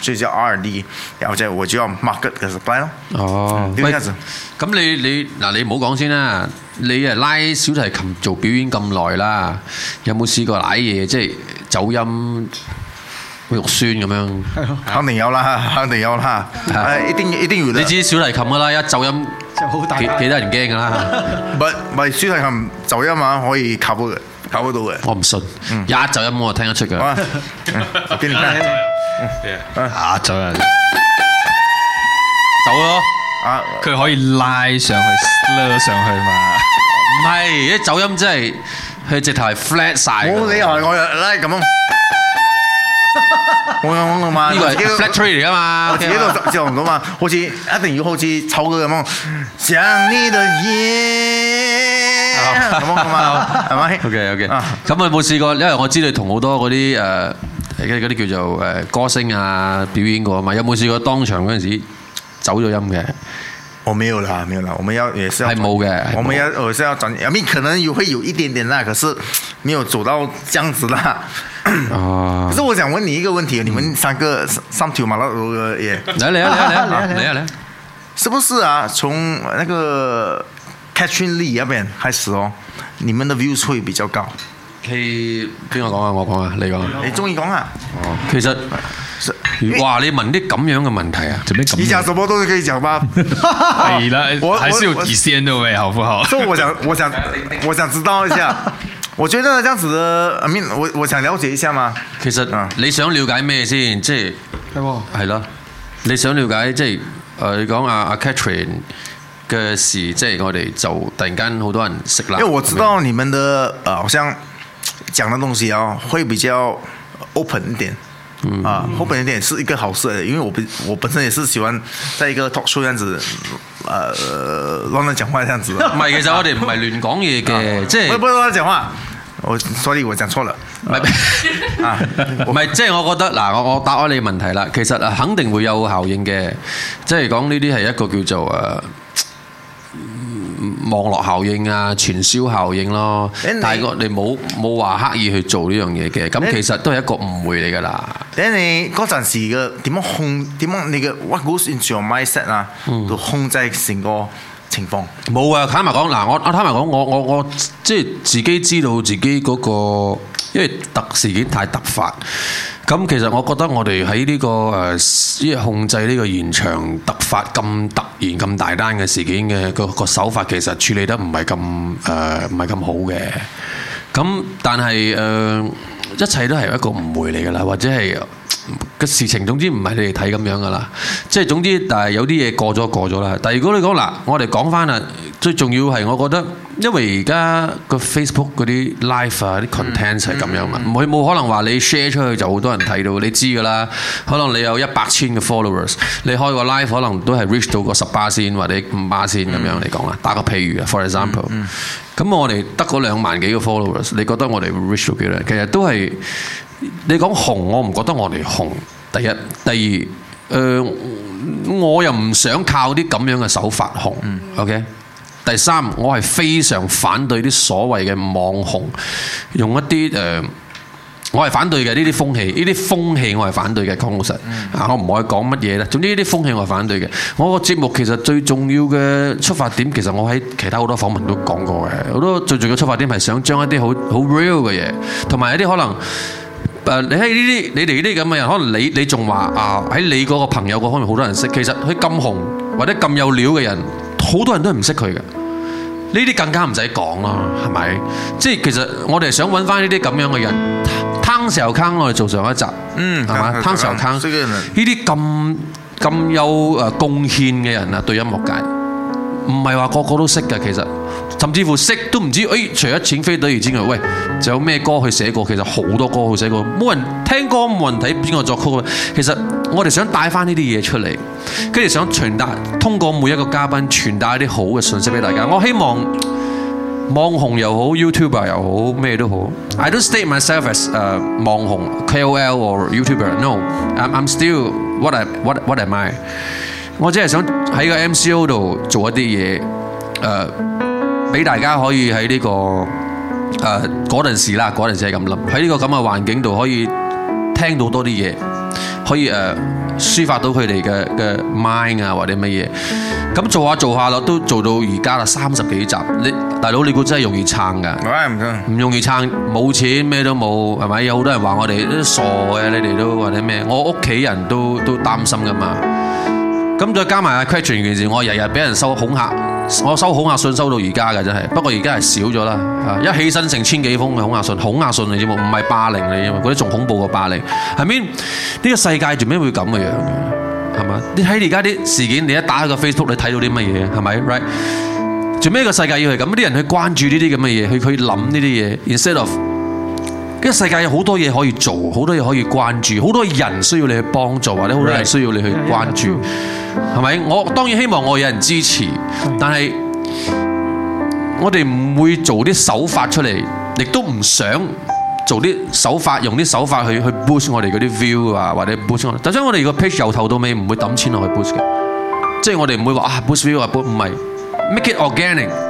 最主要 R&D，然後就係我主要 market 嘅 supply 咯。哦，喂，咁你你嗱你唔好講先啦，你誒拉小提琴做表演咁耐啦，有冇試過拉嘢即係走音，好肉酸咁樣？肯定有啦，肯定有啦。誒，一定一定會。你知小提琴噶啦，一走音，幾多人驚噶啦？唔係唔係，小提琴走音啊，可以靠波嘅，靠波到嘅。我唔信，一走音我就聽得出㗎。邊個？Yeah. 啊走人，走咯、啊，佢、啊啊、可以拉上去，slur 上去嘛？唔係，啲走音真係，佢直頭係 flat 晒。冇理由我拉咁樣，冇用啊嘛。呢個係 flat tree 啊嘛，我自己都執唔到嘛。 好似一定要好似醜佢咁樣。想你嘅嘢，咁樣噶嘛？係咪 Hello.？OK OK。咁 有冇試過，因為我知你同好多嗰啲誒。呃而家嗰啲叫做誒歌星啊，表演過啊嘛，有冇試過當場嗰陣時走咗音嘅？我沒有啦，沒有啦，我們有也是係冇嘅，我們要我是要轉，有咩可能會有一點點啦，可是沒有走到這樣子啦。哦， 可是我想問你一個問題，哦、你們三個三條、嗯、馬路嘅、啊，來、啊、來、啊啊、來、啊、來來來來，是不是啊？從那個 Catherine Lee 嗰邊開始哦，你們的 views 會比較高。佢邊個講啊？我講啊！你講。你中意講啊？哦，其實，哇！你問啲咁樣嘅問題啊，做咩咁？以下什麼都可以講吧。我還是有底先。嘅喂，好不好？所以我想，我想，我想知道一下。我覺得，這樣子，I mean，我我想了解一下嘛。其實啊，你想了解咩先？即係係喎，係咯。你想了解即係誒？你講阿阿 Catherine 嘅事，即係我哋就突然間好多人識啦。因為我知道你們的啊，好像。講的東西啊，會比較 open 一點，嗯、啊、嗯、open 一點是一個好事，因為我我本身也是喜歡在一個 talk show 這樣子，誒、呃，亂亂講話這樣子。唔係，其實我哋唔係亂講嘢嘅，即係、啊就是。不不不，講話我所以我講錯了。唔唔係，即係我覺得嗱，我我答開你問題啦，其實啊，肯定會有效應嘅，即係講呢啲係一個叫做、啊網絡效應啊，傳銷效應咯，但係你哋冇冇話刻意去做呢樣嘢嘅。咁你其實都係一個誤會嚟㗎啦。等你嗰陣時嘅點樣控，點樣你嘅 what goes into your mindset 啊，就控制成個情況冇啊！坦白講，嗱，我我坦白講，我我我即係自己知道自己嗰個，因為特事件太突發，咁其實我覺得我哋喺呢個誒，即係控制呢個現場突發咁突然咁大單嘅事件嘅個個手法，其實處理得唔係咁誒，唔係咁好嘅。咁但係誒，一切都係一個誤會嚟噶啦，或者係。嘅事情，總之唔係你哋睇咁樣噶啦，即係總之，但係有啲嘢過咗過咗啦。但係如果你講嗱，我哋講翻啊，最重要係，我覺得，因為而家個 Facebook 嗰啲 live 啊，啲 content 係咁樣嘛，唔佢冇可能話你 share 出去就好多人睇到，你知噶啦。可能你有一百千嘅 followers，你開個 live 可能都係 reach 到個十巴仙或者五巴仙咁樣嚟講啦。嗯、打個譬如啊，for example，咁、嗯嗯、我哋得嗰兩萬幾個 followers，你覺得我哋 reach 到幾多？其實都係。你講紅，我唔覺得我哋紅。第一、第二，誒、呃，我又唔想靠啲咁樣嘅手法紅。O K、嗯。okay? 第三，我係非常反對啲所謂嘅網紅，用一啲誒、呃，我係反對嘅呢啲風氣。呢啲風氣我係反對嘅，康老實。啊，我唔可以講乜嘢啦。總之呢啲風氣我係反對嘅。我個節目其實最重要嘅出發點，其實我喺其他好多訪問都講過嘅。好多最重要嘅出發點係想將一啲好好 real 嘅嘢，同埋一啲可能。誒，你喺呢啲，你哋呢啲咁嘅人，可能你你仲話啊，喺你嗰個朋友嗰方面好多人識，其實佢咁紅或者咁有料嘅人，好多人都係唔識佢嘅。呢啲更加唔使講咯，係咪？即係其實我哋想揾翻呢啲咁樣嘅人，貪時候坑我哋做上一集，嗯，係嘛？貪時候坑呢啲咁咁有誒貢獻嘅人啊，對音樂界。唔係話個個都識㗎，其實甚至乎識都唔知。誒，除咗《淺飛對魚》之外，喂，仲有咩歌佢寫過？其實好多歌佢寫過，冇人聽過，冇人睇邊個作曲。其實我哋想帶翻呢啲嘢出嚟，跟住想傳達，通過每一個嘉賓傳達一啲好嘅信息俾大家。我希望網紅又好，YouTuber 又好，咩都好。I don't state myself as 誒網紅 KOL or YouTuber。No，I'm I'm still what I what what am I？我只係想喺個 MCO 度做一啲嘢，誒，俾大家可以喺呢個誒嗰陣時啦，嗰陣時係咁諗，喺呢個咁嘅環境度可以聽到多啲嘢，可以誒抒發到佢哋嘅嘅 mind 啊或者乜嘢，咁做下做下咯，都做到而家啦，三十幾集，你大佬你估真係容易撐㗎？唔係唔錯，唔容易撐，冇錢咩都冇，係咪有好多人話我哋都傻嘅？你哋都或者咩？我屋企人都都擔心㗎嘛。咁再加埋啊 question 件事，我日日俾人收恐嚇。我收恐嚇信收到而家嘅真係，不過而家係少咗啦。一起身成千幾封嘅恐嚇信，恐嚇信你知嘛，唔係霸凌嚟啫嘛，嗰啲仲恐怖過霸凌，係咪？呢 I mean, 個世界做咩會咁嘅樣嘅？係嘛？你喺而家啲事件，你一打開個 Facebook 你睇到啲乜嘢？係咪？Right？做咩個世界要係咁？啲人去關注呢啲咁嘅嘢，去去諗呢啲嘢，instead of。呢個世界有好多嘢可以做，好多嘢可以關注，好多人需要你去幫助，或者好多人需要你去關注，係咪 Right.？我當然希望我有人支持，Right. 但係我哋唔會做啲手法出嚟，亦都唔想做啲手法，用啲手法去去 boost 我哋嗰啲 view 啊，或者 boost 我哋。頭先我哋個 page 由頭到尾唔會抌錢落去 boost 嘅，即係我哋唔會話啊 boost view 啊，唔係 make it organic。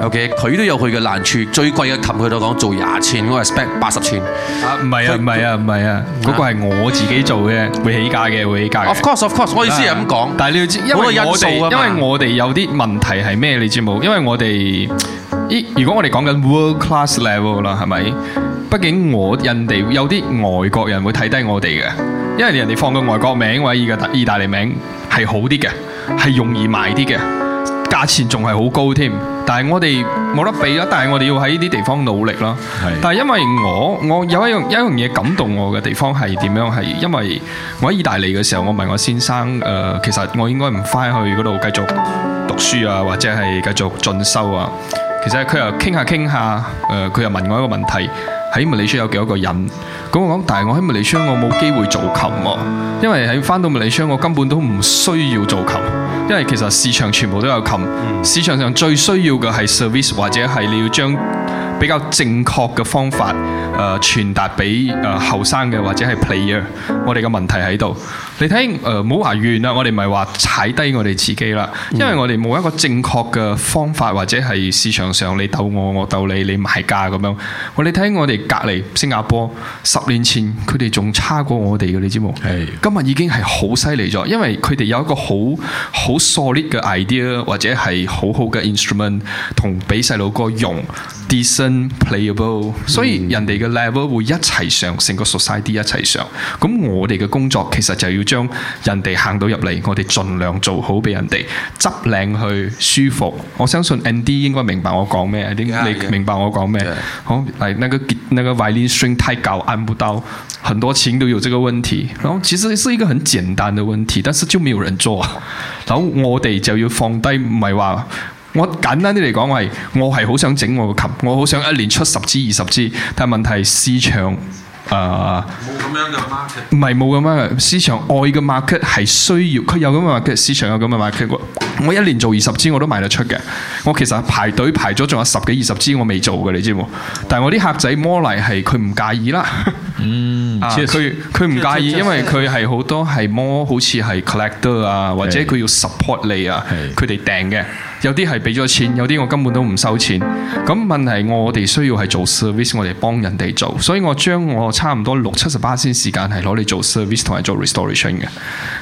O K，佢都有佢嘅難處。最貴嘅琴佢就講做廿千，我係 spec 八十千。啊，唔係他啊，唔係啊，唔係啊，嗰個係我自己做嘅，會起價嘅，會起價。Of course, of course，是、啊、我意思係咁講。但係你要知，因為我哋，因為我哋有啲問題係咩？你知冇？因為我哋，如果我哋講緊 world class level 啦，係咪？畢竟我人哋有啲外國人會睇低我哋嘅，因為人哋放個外國名或者意意大利名係好啲嘅，係容易賣啲嘅。價錢仲係好高添，但係我哋冇得比咯。但係我哋要喺呢啲地方努力咯。但係因為我我有一樣一樣嘢感動我嘅地方係點樣係，因為我喺意大利嘅時候，我問我先生誒，其實我應該唔翻去嗰度繼續讀書啊，或者係繼續進修啊。其實佢又傾下傾下，誒佢又問我一個問題：喺馬來西亞有幾多個人？咁我講，但係我喺馬來西亞，我冇機會做琴喎，因為喺翻到馬來西亞，我根本都唔需要做琴。因為其實市場全部都有琴，嗯、市場上最需要嘅係 service 或者係你要將。比較正確嘅方法，誒、呃、傳達俾誒後生嘅或者係 player，我哋嘅問題喺度。你睇誒，唔好話怨啦，我哋咪話踩低我哋自己啦，因為我哋冇一個正確嘅方法，或者係市場上你鬥我，我鬥你，你賣價咁樣。你我你睇我哋隔離新加坡十年前佢哋仲差過我哋嘅，你知冇？係 Hey. 今日已經係好犀利咗，因為佢哋有一個好好 solid 嘅 idea，或者係好好嘅 instrument 同俾細路哥用，playable，所以人哋嘅 level 會一齊上，成個 society 一齊上。咁我哋嘅工作其實就要將人哋行到入嚟，我哋盡量做好俾人哋執靚去舒服。我相信 ND y 應該明白我講咩，yeah, yeah. 你明白我講咩？好，係那個、那個 violin 弦太高，按不到，很多琴都有這個問題。然後其實是一個很簡單的問題，但是就沒有人做。咁我哋就要放低，唔係話。我簡單啲嚟講，我係我係好想整我個琴，我好想一年出十支二十支。但係問題市場誒，冇咁樣嘅 market，唔係冇咁樣嘅市場，外嘅 market 係需要佢有咁嘅 market，市場有咁嘅 market 我。我一年做二十支我都賣得出嘅。我其實排隊排咗仲有十幾二十支我未做嘅，你知冇？但係我啲客仔摸嚟係佢唔介意啦。嗯，佢佢唔介意，就是就是、因為佢係好多係摸，好似係 collector 啊，對 或者佢要 support 你啊，佢哋對 訂嘅。有啲係俾咗錢，有啲我根本都唔收錢。咁問題我哋需要係做 service，我哋幫人哋做。所以我將我差唔多六七十巴仙時間係攞嚟做 service 同埋做 restoration 嘅。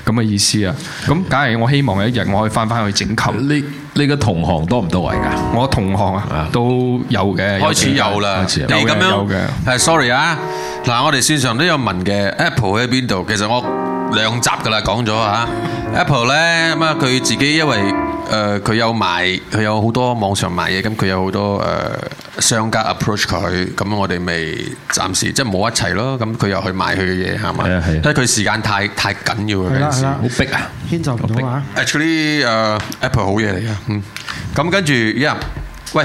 咁嘅意思啊。咁梗係我希望有一日我可以翻返去整琴。呢呢個同行多唔多位啊？我同行啊都有嘅，開始有啦。你咁樣係 sorry 啊！嗱，我哋線上都有問嘅 Apple 喺邊度？其實我。兩集噶啦，講咗吓，Apple 咧咁啊，佢自己因為誒佢、呃、有賣，佢有好多網上賣嘢，咁佢有好多誒、呃、商家 approach 佢，咁我哋未暫時即係冇一齊咯，咁佢又去賣佢嘅嘢係咪？係啊係，因為佢時間太太緊要啊，嗰陣時好逼啊，遷就唔到啊。Actually，誒 Apple 好嘢嚟噶。嗯，咁跟住，yeah，喂。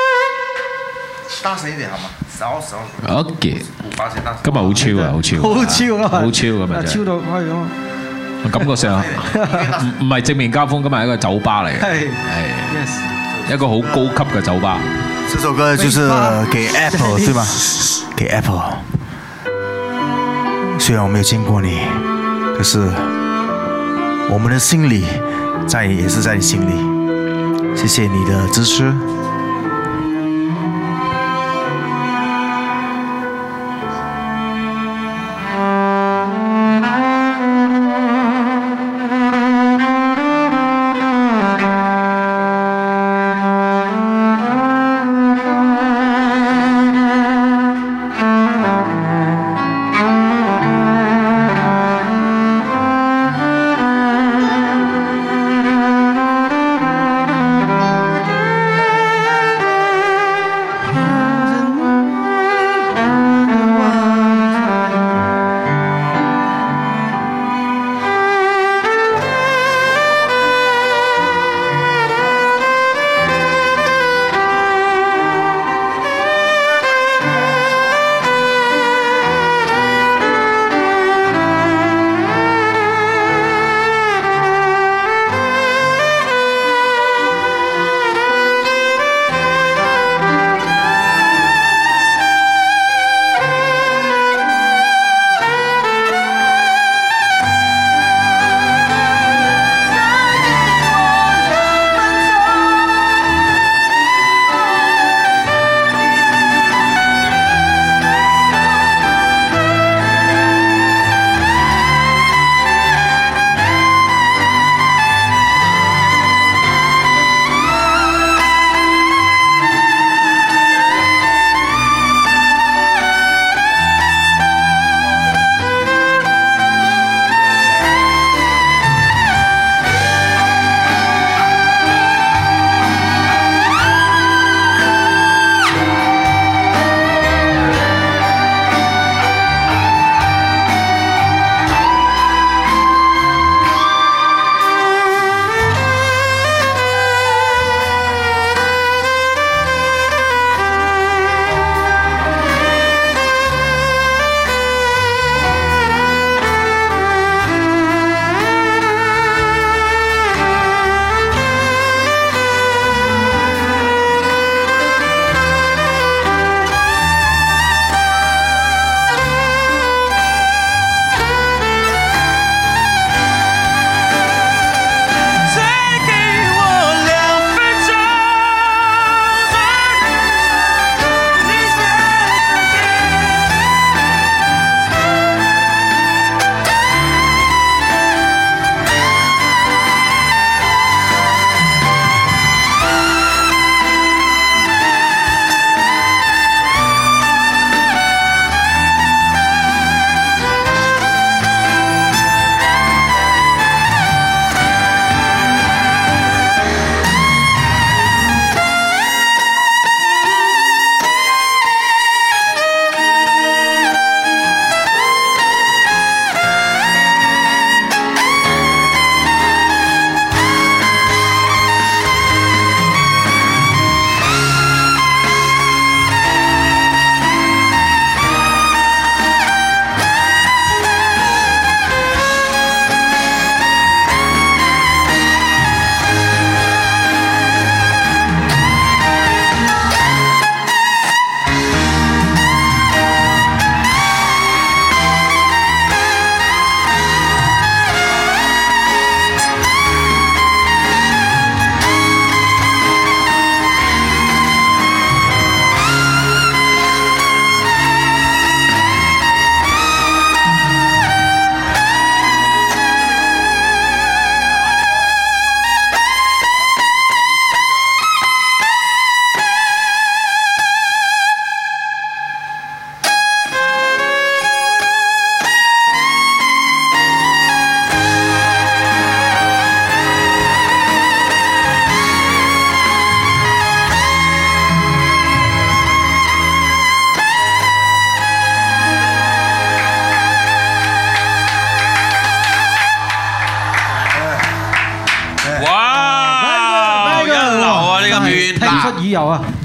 大聲一點，好嘛？手手，Okay，今日好超啊，好超，好超啊！好超到感覺上唔唔係正面交鋒，今日一個酒吧嚟嘅，係，Yes，一個好高級嘅酒吧。這首歌就是給 Apple，對吧？給 Apple。雖然我沒有見過你，可是我們的心裏，在也是在你心裏。謝謝你的支持。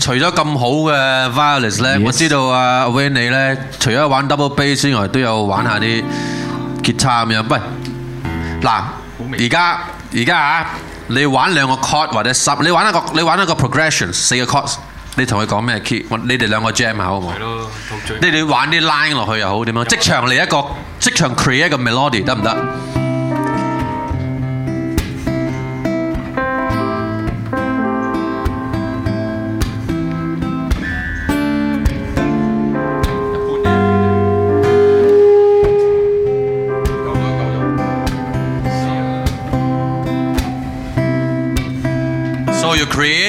除咗咁好嘅 violin 咧，我知道啊，阿 Vin 你咧，除咗玩 double bass 之外，都有玩下啲吉他咁樣。喂，嗱，而家而家啊，你玩兩個 chord 或者 sub，你玩一個你玩一個 progression，四個 chord，你同佢講咩 key？你哋兩個 jam 下好唔好？你哋玩啲 line 落去又好，點樣？即場嚟一個，即場 create 一個 melody 得唔得？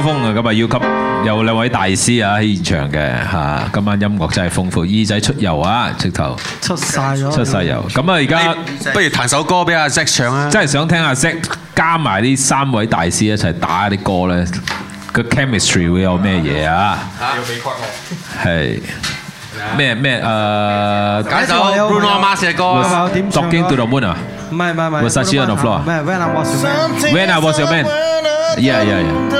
咁啊，今日要吸有兩位大師啊喺現場嘅吓，今晚音樂真係豐富。耳仔出油啊，直頭出晒咗，出晒油。咁啊，而家不如彈首歌俾阿 Ket 唱啊。真係想聽阿 Ket 加埋呢三位大師一齊打啲歌咧，個 chemistry 會有咩嘢啊？又美國係咩咩誒？解首 Bruno Mars 嘅歌，點唱？曾經墮落過啦，唔係唔係唔係，我上次 on the floor，When I was your man，When I was your man，Yeah yeah yeah。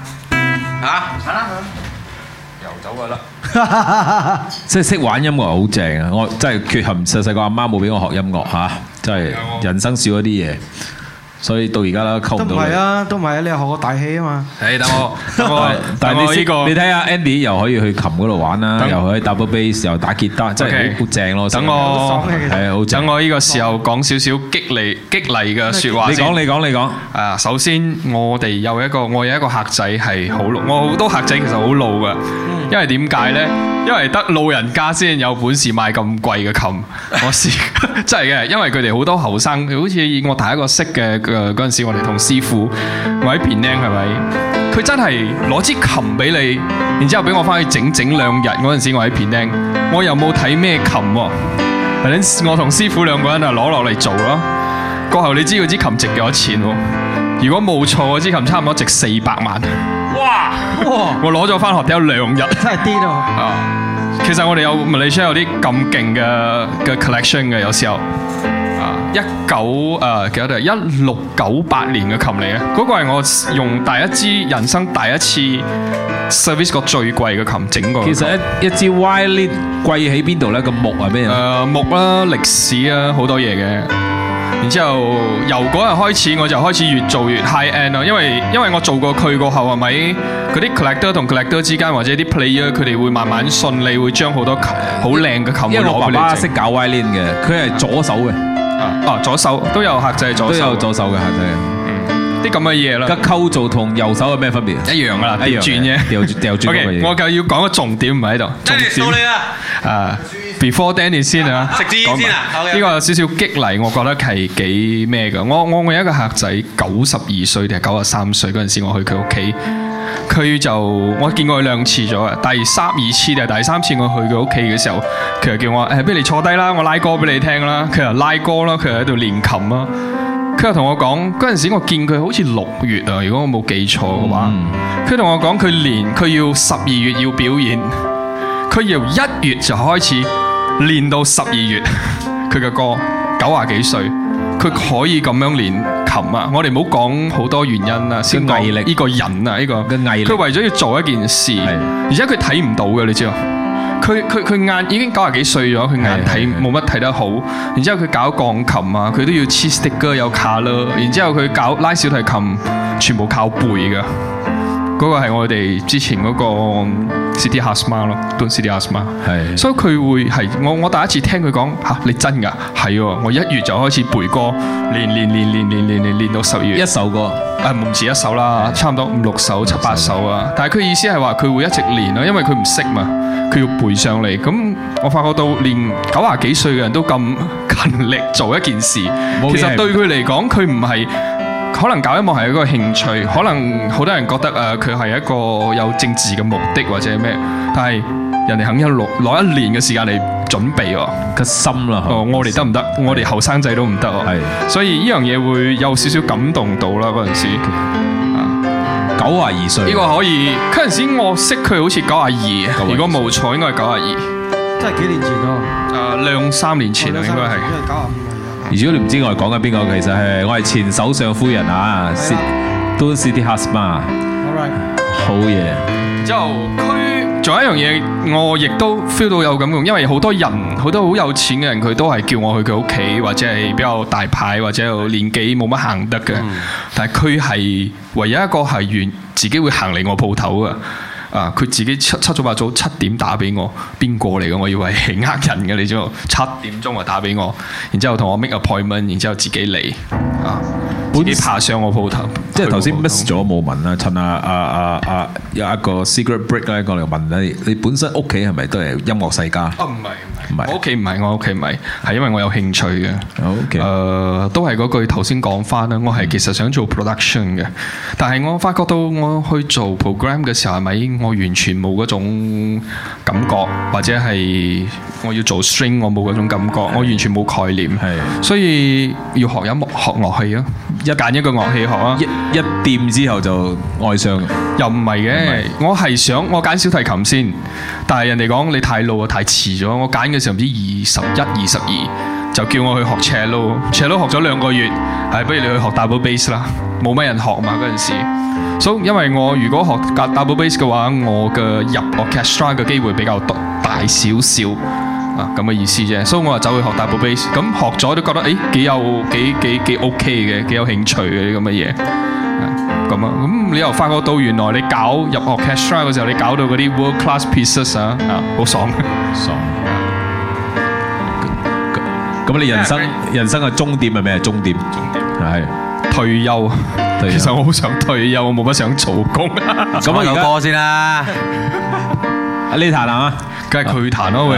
吓，啦、啊啊啊、遊走佢咯。 即係識玩音樂好正啊！我真係缺陷，細細個阿媽冇俾我學音樂吓、啊，真係人生少咗啲嘢。所以到而家啦，溝唔到。都係啊，都唔係啊，你又學過大戲啊嘛。係、欸，等我，我 但哥，大哥、這個，依你睇下 Andy 又可以去琴嗰度玩啦，這個、又可以 double bass 又打吉他，okay，真係我好正咯。等我係啊，好、欸、正。等我呢個時候講少少激勵、哦、激勵嘅説話先。你講，你講，你講。啊，首先我哋有一個，我有一個客仔係好老，我好多客仔其實好老㗎。因為點解呢？因為得老人家先有本事賣咁貴嘅琴，我試 真係嘅。因為佢哋好多後生，佢好似以我第一個識嘅嗰陣時我，我哋同師傅我喺檳城係咪？佢真係攞支琴俾你，然之後俾我翻去整整兩日嗰陣時我在 ang, 我、啊，我喺檳城，我又冇睇咩琴喎。我同師傅兩個人拿下來啊攞落嚟做啦。過後你知佢支琴值幾多錢、啊？如果冇錯，支琴差唔多值四百萬。哇哇！我攞咗翻學，只有兩日，真係癲咯！啊，其實我哋有馬來西亞，有啲咁勁嘅嘅 collection 嘅，有時候啊，一九誒，其實都係一六九八年嘅琴嚟嘅，嗰個係我用第一支人生第一次 service 過最貴嘅琴整過。其實一一支 violin 貴喺邊度咧？個木係咩？誒，木啦，歷史啊，好多嘢嘅。然後，由嗰日開始，我就開始越做越 high end 了。因為因為我做過佢個後係咪嗰啲 collector 同 collector 之間，或者啲 player 佢哋會慢慢順利會將好多好靚嘅琴攞俾你。因為陸巴識搞 violin 嘅，佢係左手嘅、啊啊。左手都有限制左，都有客左手嘅限制。啲咁嘅嘢咯，骨溝做同，右手有咩分別？一樣噶啦，一樣。轉嘢，掉掉轉嘅嘢。O K，我就要講個重點，唔係喺度。Daniel 到你啦。啊，Before Dennis 先啊，食芝士先啊。呢個有少少激勵，我覺得係幾咩噶。我我我有一個客仔，九十二歲定係九十三歲嗰陣時，我去佢屋企，佢就我見過佢兩次咗啦。第三二次定係第三次，我去佢屋企嘅時候，佢就叫我誒，不如你坐低啦，我拉歌俾你聽啦。佢又拉歌啦，佢喺度練琴啦。佢又同我講，嗰陣時我見佢好似六月啊，如果我冇記錯嘅話，佢同、嗯、我講佢要十二月要表演，佢由一月就開始練到十二月，佢嘅歌九十幾歲，佢可以咁樣練琴啊！我哋唔好講好多原因啊，先毅力呢個人啊呢、呢個，佢魏為咗要做一件事，是的 而且佢睇唔到嘅，你知啊。佢佢佢眼已經九廿幾歲咗，佢眼睇冇乜睇得好。然之後佢搞鋼琴啊，佢都要持 stick 咯，有卡啦。然之後佢搞拉小提琴，全部靠背㗎。嗰個係我哋之前嗰個 City Hustler 咯，都 City Hustler，係，的所以佢會係我我第一次聽佢講吓，你真噶係，我一月就開始背歌，練練練練練練練練到十月，一首歌，誒唔、啊、止一首啦，的差唔多五六首、七八首啊，但係佢意思係話佢會一直練咯，因為佢唔識嘛，佢要背上嚟，咁我發覺到連九廿幾歲嘅人都咁勤力做一件事，其實對佢嚟講，佢唔係。可能搞音樂係一個興趣，可能好多人覺得誒，佢係一個有政治嘅目的或者咩，但係人哋肯一攞攞一年嘅時間嚟，準備個、哦、心啦了、哦。我哋得唔得？心我哋後生仔都唔得。係對，啊、所以呢樣嘢會有少少感動到啦嗰陣時。對啊，九廿二歲，呢個可以。嗰陣時我識佢好似九廿二，如果冇錯應該係九廿二。真係幾年前咯。誒、啊，兩三年前啦，前應該係。如果你唔知我講緊邊個？其實係我係前首相夫人啊都 u City h u s e 嘛的。好嘢。之後佢仲有一樣嘢，我亦都 feel 到有感動，因為好多人，好多好有錢嘅人，佢都係叫我去佢屋企，或者係比較大牌，或者有年紀冇乜行得嘅。但係佢係唯一一個係願自己會行嚟我鋪頭嘅。啊！佢自己七七早八早七點打俾我，邊個嚟嘅？我以為係呃人嘅，你知喎？七點鐘就打俾我，然之後同我 make appointment，然之後自己嚟，啊！事自己爬上我鋪頭。即係頭先 miss 咗冇問啦，趁啊啊啊啊有一個 secret break 咧過嚟問你：「你本身屋企係咪都係音樂世家？」啊，唔係。唔係、啊、我屋企唔係，我屋企唔係，係因為我有興趣嘅。好嘅 Okay.、呃，誒都係嗰句頭先講翻啦。我係其實想做 production 嘅，但係我發覺到我去做 program 嘅時候，係咪我完全冇嗰種感覺，或者係我要做 string，我冇嗰種感覺，的我完全冇概念。係的，所以要學音樂學樂器啊，一揀一個樂器學啊，一一掂之後就愛上。又唔係嘅，我係想我揀小提琴先，但係人哋講你太老啊，太遲咗，我揀嘅。成唔知二十一、二十二就叫我去學斜路，斜路學咗兩個月，係不如你去學 double bass 啦，冇乜人學嘛嗰陣時。所、so, 因為我如果學 double bass 嘅話，我嘅入 orchestra 嘅機會比較大少少啊咁嘅意思啫。所、so, 以我就走去學 double bass 咁學咗都覺得誒、欸、幾有幾幾幾 ok 嘅，幾有興趣嘅啲咁嘅嘢啊咁啊。咁你又發覺到原來你搞入 orchestra 嘅時候，你搞到嗰啲 world class pieces 啊啊，好爽爽。爽咁你人生人生嘅終點係咩？終點係退休。其實我好想退休，我冇乜想做工。咁啊，而家播先啦。阿你彈啊嘛，梗係佢彈咯。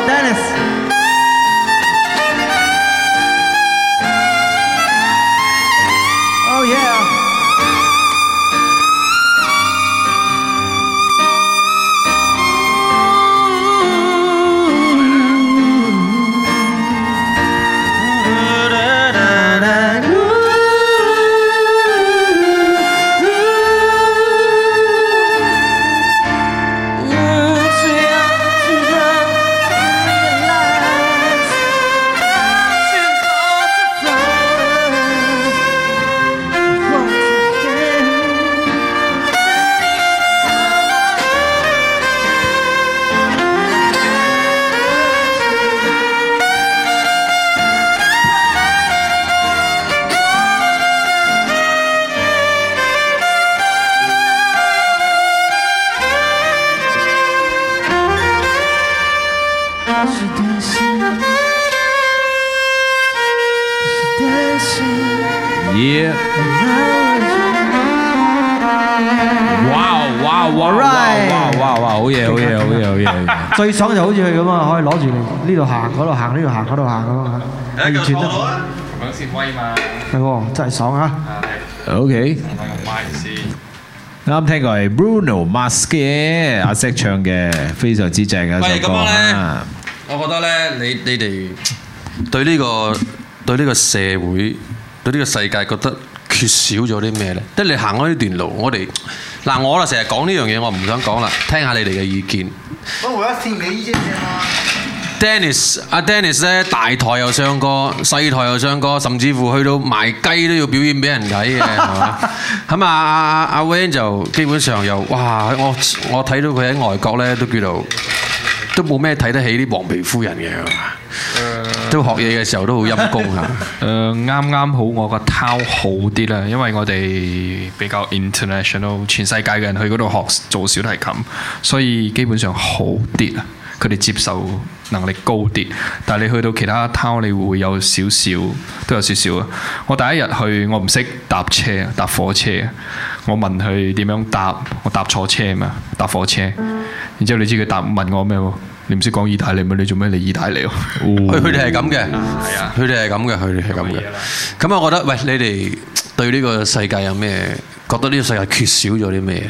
最爽就好似佢咁啊，可以攞住嚟呢度行，嗰度行，呢度行，嗰度行咁啊，而傳得。咁先威嘛。係喎，真係爽啊！OK。睇個快線。啱聽過係 Bruno Mars 嘅 阿 Sir 唱嘅，非常之正嘅一首歌呢、啊、我覺得咧，你你哋對呢、呢個對呢個社會對呢個世界覺得缺少咗啲咩咧？即係你行開呢段路，我哋。嗱，我就成日講呢樣嘢，我唔想講啦，聽下你哋嘅意見。我我要聽你意見先啊！Dennis 阿 Dennis 咧大台又唱歌，細台又唱歌，甚至乎去到賣雞都要表演俾人睇嘅，係嘛？ 咁啊，阿 Wei 就基本上又哇，我我睇到佢喺外國咧都叫做。都冇咩睇得起啲黃皮夫人嘅，uh、都學嘢嘅時候都、 uh, 剛剛好陰功嚇。啱啱好我個 town 好啲啦，因為我哋比較 international，全世界嘅人去嗰度學做小提琴，咁，所以基本上好啲啊。佢哋接受能力高啲，但係你去到其他 town，你會有少少，都有少少啊。我第一日去，我唔識搭車，搭火車。我問佢點樣搭，我搭錯車啊嘛，搭火車。嗯、然之後你知佢答問我咩喎？你唔識講意大利咪你做咩嚟意大利喎、啊？佢哋係咁嘅，佢哋係咁嘅，佢哋係咁嘅。咁我覺得喂，你哋對呢個世界有咩覺得，呢個世界缺少咗啲咩？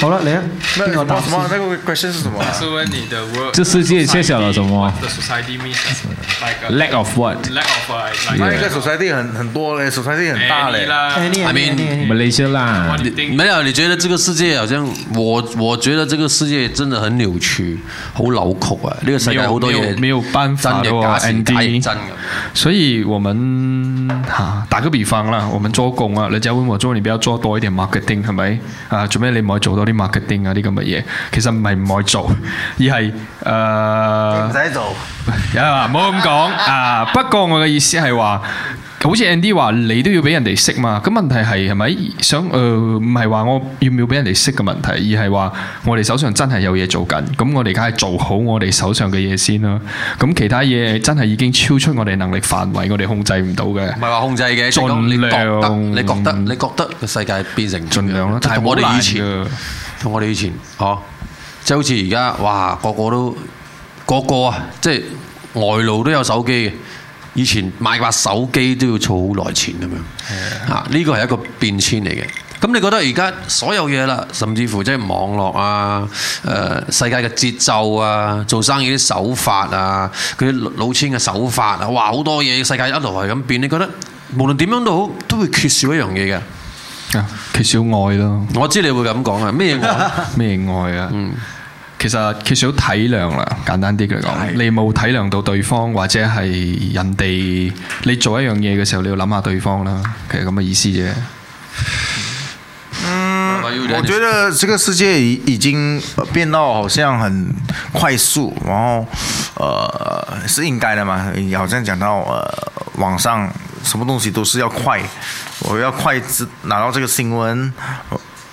好啦，嚟啊！嗱，我什麼？那個 question 是什麼？你 world。這世界缺少了什麼 society Lack of what？那一個社會很很多咧，社會很大咧，Malaysia 沒有？你覺得這個世界好像我我覺得這個世界真的很扭曲，好扭曲啊！呢個世界好多嘢沒有辦法真嘅假，假嘅真嘅。所以我們吓打個比方啦，我們做工啊，人家問我做，你不要做多一點 marketing，係咪？啊，準備你咪做。好多啲 marketing 啊、啲咁嘅嘢，其實唔係唔愛做，而係誒唔使做，有冇咁講啊？不過我嘅意思係話。好似 Andy 話：你都要俾人哋識嘛？咁問題係係咪想？誒唔係話我要唔要俾人哋識嘅問題，而係話我哋手上真係有嘢做緊。咁我哋梗係做好我哋手上嘅嘢先啦。咁其他嘢真係已經超出我哋能力範圍，我哋控制唔到嘅。唔係話控制嘅，盡量。你覺得？你覺得？你覺得個世界變成點樣啦？同我哋以前，同我哋以前，嗬，即係好似而家，哇，個個都個個啊，即係外露都有手機嘅。以前買部手機都要儲好耐錢咁樣，啊呢個係一個變遷嚟嘅。咁你覺得而家所有嘢啦，甚至乎即係網絡啊、誒、啊、世界嘅節奏啊、做生意啲手法啊、佢啲老千嘅手法啊，哇好多嘢世界一路係咁變。你覺得無論點樣都好，都會缺少一樣嘢嘅。啊，缺少愛咯。我知你會咁講啊，咩愛？咩愛啊？嗯。其實缺少體諒啦，簡單啲嚟講，你冇體諒到對方或者係人哋，你做一樣嘢嘅時候，你要諗下對方啦。其實咁嘅意思啫，嗯，我覺得這個世界已已經變到好像很快速，然後，呃，是應該的嘛。好像講到呃，網上什麼東西都是要快，我要快拿到這個新聞。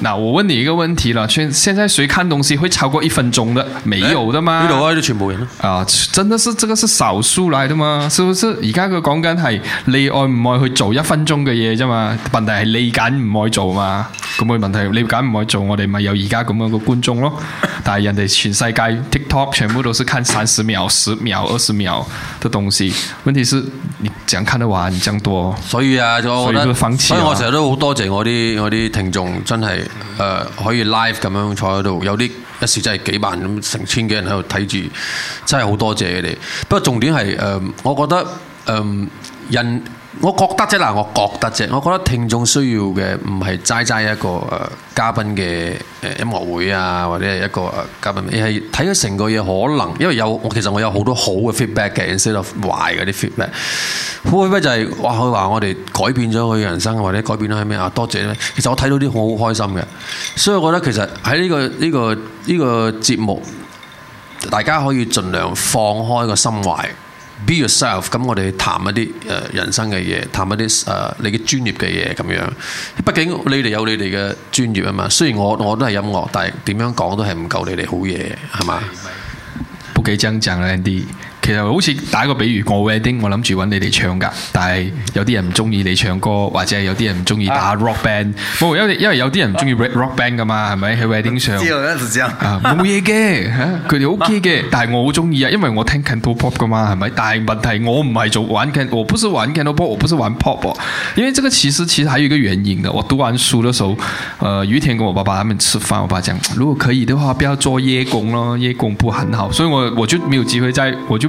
那、啊、我問你一個問題啦，現在誰看東西會超過一分鐘的？沒有的嗎？呢度、欸、啊，呢全部人啊，啊真的是這個是少數來的嘛？所以所而家佢講緊係你愛唔愛去做一分鐘嘅嘢啫嘛？問題係你揀唔愛做嘛？咁、那、嘅、個、問題你揀唔愛做？我哋咪有而家咁樣嘅觀眾咯。但係人哋全世界 TikTok 全部都是看三十秒、十秒、二十秒嘅東西。問題是你怎樣，你想看得完？你這樣多？所以啊，所以就放棄所以我成日都好多謝我啲我啲聽眾，真係。誒、嗯呃，可以 live 咁樣坐喺度，有啲一時真係幾萬咁，成千幾人喺度睇住，真係好多謝你。不過重點係誒、呃，我覺得誒、呃、人。我覺得啫嗱，我覺得啫，我覺得聽眾需要嘅唔係齋齋一個誒嘉賓嘅誒音樂會啊，或者係一個誒嘉賓，你係睇咗成個嘢可能，因為有其實我有好多好嘅 feedback 嘅，唔少壞嗰啲 feedback。好唔好？就係哇！佢話我哋改變咗佢人生，或者改變咗啲咩啊？多謝，謝你。其實我睇到啲好開心嘅，所以我覺得其實喺呢個呢個呢個節目，大家可以盡量放開個心懷。Be yourself，咁我哋談一啲誒人生嘅嘢，談一啲誒你嘅專業嘅嘢咁樣。畢竟你哋有你哋嘅專業啊嘛，雖然我我都係音樂，但係點樣講都係唔夠你哋好嘢，係嘛？都幾正嘅呢啲。Andy 其實我好似打一個比喻，我 wedding 我諗住揾你哋唱噶，但係有啲人唔中意你唱歌，或者係有啲人唔中意打 rock band，冇、啊，因為因為有啲人唔中意 red rock band 噶嘛，係咪喺 wedding 上？知道，知道、啊。啊，冇嘢嘅，佢哋 OK 嘅，但係我好中意啊，因為我聽 cantopop 噶嘛，係咪？但係問題我唔係做玩 can，我不是玩 cantopop，我不是玩 pop。因為這個其實其實還有一個原因的，我讀完書的時候，呃，雨天跟我爸爸佢哋食飯，我爸講：如果可以的話，不要做夜工咯，夜工不很好，所以我我就沒有機會再，我就。.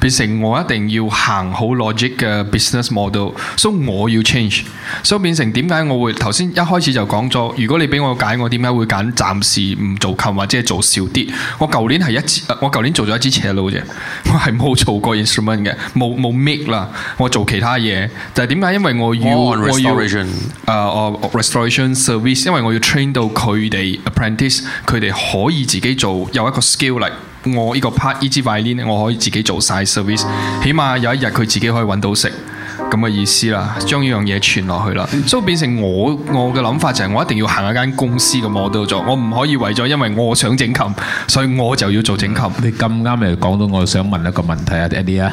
變成我一定要行好 logic 嘅 business model，所以我要 change，所以變成點解我會頭先一開始就講咗，如果你俾我揀，我點解會揀暫時唔做琴或者做少啲？我舊年係一我舊年做咗一支斜路啫，我係冇做過 instrument 嘅，冇冇 make 啦，我做其他嘢。但係點解？因為我要 on 我要我、uh, restoration service，因為我要 train 到佢哋 apprentice，佢哋可以自己做有一個 skill 嚟。我呢個 part，呢支 violin 我可以自己做晒 service，起碼有一日佢自己可以揾到食，咁嘅意思啦，將呢樣嘢傳落去啦，所以變成我我嘅諗法就係，我一定要行一間公司咁我都做，我唔可以為咗因為我想整琴，所以我就要做整琴。你咁啱嚟講到，我想問一個問題啊，阿 D 啊。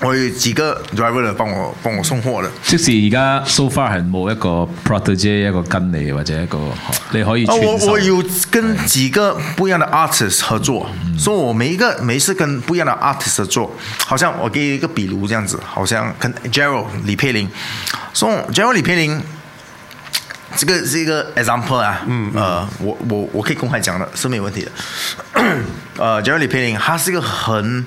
我有幾個 driver 幫我幫我送貨啦。即使而家 so far 係冇一個 protege 一個跟你或者一個你可以。我我有跟幾個不一樣的 artists 合作，所以、嗯 so, 我每一個每一次跟不一樣的 artists 合作。好像我給一個比如這樣子，好像跟 Gerald 李佩玲，所、so, 以 Gerald 李佩玲，這個是一、這個 example 啊嗯。嗯，呃，我我我可以公開講的，是沒問題的。呃、 uh, Gerald 李佩玲，她是一個很。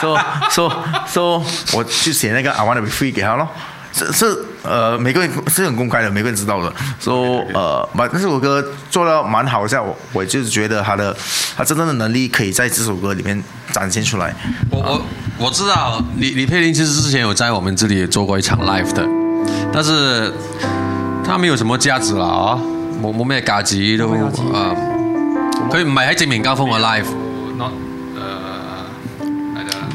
說說說，我去寫那個 I, I Wanna Be Free 給他咯。是是，呃，每個人是很公開的，每個人知道的，so, okay, okay, okay, okay. so so so。說呃，蠻，這首歌做到蠻好，在我我就是覺得他的他真正的能力可以在這首歌裏面展現出來。我我我知道李李佩玲其實之前有在我們這裏做過一場 live 的，但是他沒有什麼價值了啊，冇冇咩價值都啊，可以買喺正面交鋒的 live。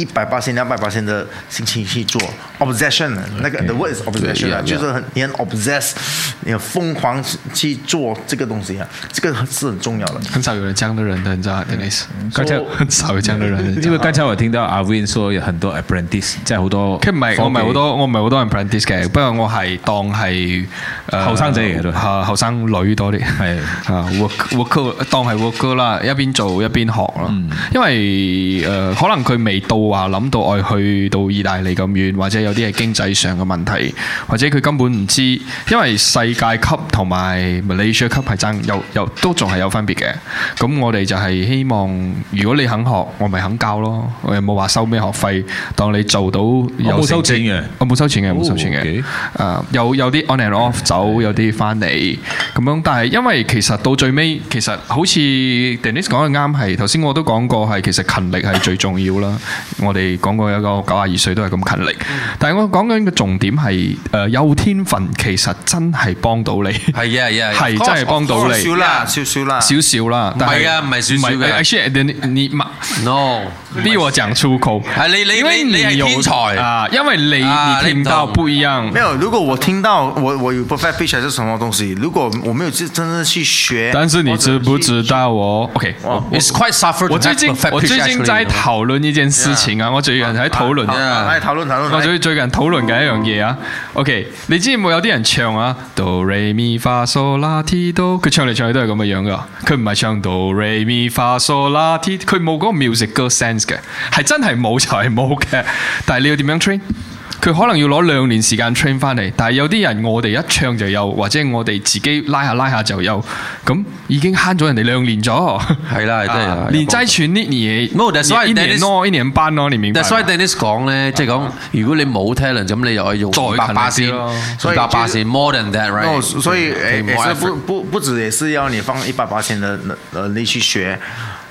一百八千、兩百八千的心情去做 obsession，okay. 那個 the word is obsession 啊，yeah. yeah. 就是很你很 obsess，你 you know, 瘋狂去做這個東西啊，這個是很重要的。很少有人咁樣的人的，你知道 d e n i 才很少有咁樣的人樣。Yeah. 因為剛才我聽到阿 Win 說有很多 p r a c t i c e 即係好多。佢唔係我唔係好多，我唔係好多人 p r a c t i c e 嘅。不過我係當係後生仔，嘅、呃。後生女多啲，係、啊、work work、er, 當係 work、er、啦，一邊做一邊學咯。嗯、因為誒、呃、可能佢未到。話諗到我去到意大利咁遠，或者有啲係經濟上嘅問題，或者佢根本唔知，因為世界級同埋物理學級係爭又又都仲係有分別嘅。咁我哋就係希望，如果你肯學，我咪肯教咯。我又冇話收咩學費，當你做到，我冇收錢嘅，我冇收錢嘅，冇收錢嘅。誒，有有啲 on and off 走，有啲翻嚟咁樣。但係因為其實到最尾，其實好似 Dennis 講嘅啱係，頭先我都講過係其實勤力係最重要啦。我哋講過一個九廿二歲都係咁勤力，但係我講緊嘅重點係，誒，有天分其實真係幫到你，係啊係啊，係真係幫到你，少少啦少少啦少少啦，但係啊唔係少少嘅，no。俾我講粗口，因為你有才啊，因為你你聽到不一樣。沒有，如果我聽到我我 perfect pitch 係什麼東西？如果我沒有真真正去學，但是你知不知道哦？OK，我最近我最近在討論一件事情啊，我最近在討論啊，討論討論，我最最近討論緊一樣嘢啊。OK，你知唔知有啲人唱啊哆瑞咪發嗦啦提哆佢唱嚟唱去都係咁嘅樣噶，佢唔係唱哆瑞咪發嗦啦提佢冇嗰個 musical sense。嘅係真係冇就係冇嘅，但係你要點樣 train？佢可能要攞兩年時間 train 翻嚟。但係有啲人我哋一唱就有，或者我哋自己拉下拉下就有。咁已經慳咗人哋兩年咗。係啦，係啦。連齋選呢年，no that's why 班，in year 但係 why Dennis 講咧，即係講如果你冇 talent，咁你又可以用再百八千，所以一百八千 more than that right？所以其實不不止，也是要你放一百八千的能能力去學。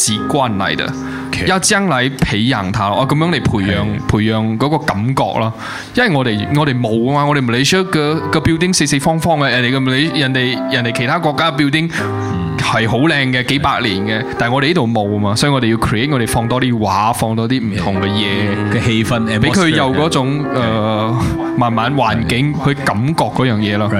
習慣嚟的，要將來培養他，我咁樣嚟培養培養嗰個感覺啦。因為我哋我哋冇啊嘛，我哋唔理出個個 building 四四方方嘅人哋嘅，人哋人哋其他國家 building 係好靚嘅，幾百年嘅，但係我哋呢度冇啊嘛，所以我哋要 create，我哋放多啲畫，放多啲唔同嘅嘢嘅氣氛，俾佢有嗰種誒慢慢環境去感覺嗰樣嘢咯。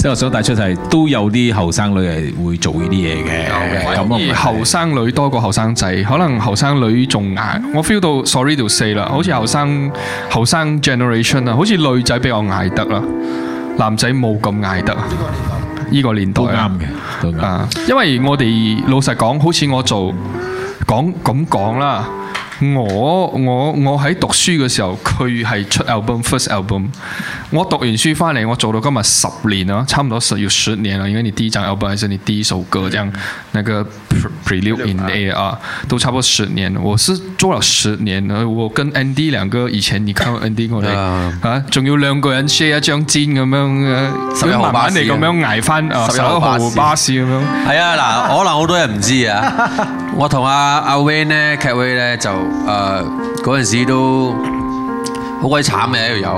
即係我想帶出就係都有啲後生女係會做呢啲嘢嘅，咁啊，後生女多過後生仔，可能後生女仲捱，我 feel 到 sorry 到死啦，好似後生後生 generation 啊，好似女仔比較捱得啦，男仔冇咁捱得。呢個年代，呢個年代都啱嘅，都啱嘅，因為我哋老實講，好似我做講咁講啦，我我我喺讀書嘅時候，佢係出 album first album。我讀完書翻嚟，我做到今日十年咯，差唔多十有十年咯。因為你第一張 album 係你第一首歌，叫那個《Prelude in Air》，都差唔多十年。我是做了十年，我跟 Andy 兩個以前，你睇過 Andy 嗰啲啊？啊，仲要兩個人 share 一張煎咁樣，十一號巴士咁樣捱翻，十一號巴士咁樣。係啊，嗱，可能好多人唔知啊。我同阿阿 Van 咧，Ket Wei 呢，就誒嗰陣時都。好鬼慘嘅喺度有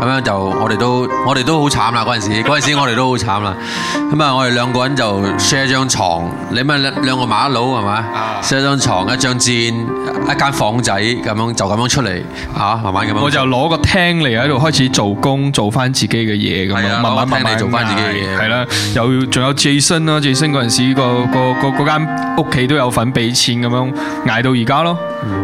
咁樣就我哋都我哋都好慘啦嗰陣時，嗰陣時我哋都好慘啦咁啊我哋兩個人就 share 張床，你咪兩個馬佬係嘛 share 張床，一張墊一間房仔咁樣就咁樣出嚟吓，慢慢咁樣。我就攞個廳嚟喺度開始做工做翻自己嘅嘢咁樣慢慢慢慢嘢係啦有仲有自身咯自身嗰陣時個個嗰間屋企都有份俾錢咁樣捱到而家咯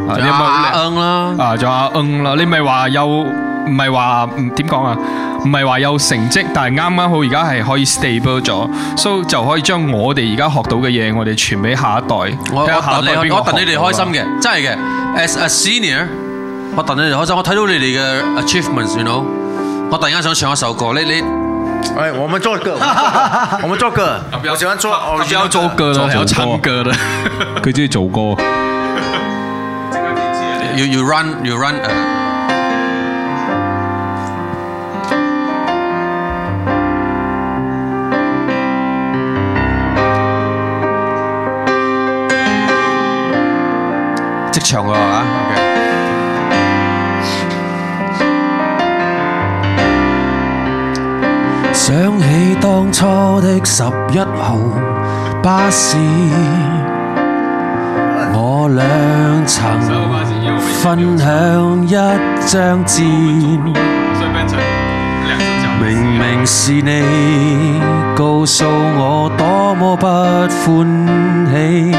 啊阿啦啊仲阿啦你咪話。又唔係話點講啊？唔係話有成績，但係啱啱好而家係可以 stable 咗，所以就可以將我哋而家學到嘅嘢，我哋傳俾下一代。我我我戥你哋開心嘅，真係嘅。As a senior，我戥你哋開心。我睇到你哋嘅 achievements，you know，我突然間想唱一首歌。你你，誒，我們作歌，我們作歌，我喜歡做，我喜歡作歌咯，係要唱歌的，佢中意做歌。You you run you run。Okay. 想起當初的十一號巴士，我兩曾分享一張紙。明明是你告訴我多麼不歡喜。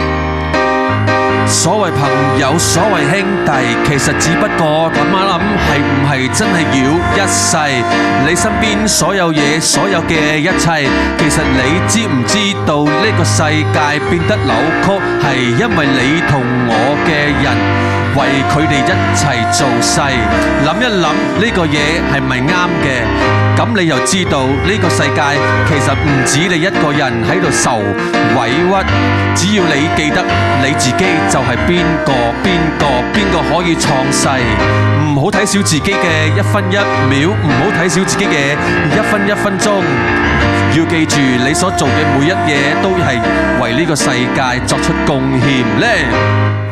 所謂朋友，所謂兄弟，其實只不過諗一諗，係唔係真係要一世？你身邊所有嘢，所有嘅一切，其實你知唔知道呢個世界變得扭曲，係因為你同我嘅人為佢哋一齊做勢。諗一諗呢個嘢係咪啱嘅？咁你又知道呢個世界其實唔止你一個人喺度受委屈，只要你記得你自己就係邊個邊個邊個可以創世，唔好睇小自己嘅一分一秒，唔好睇小自己嘅一分一分鐘，要記住你所做嘅每一嘢都係為呢個世界作出貢獻呢。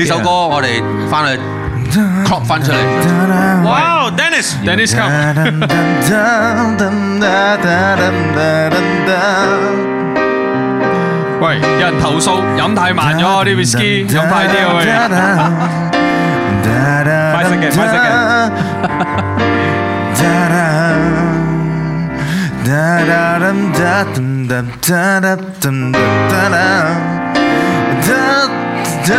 呢首歌我哋翻去 cover 翻出嚟。哇 Dennis, Dennis come, 喂，有人投訴飲太慢咗啲威士忌，飲快啲佢。快啲嘅，快啲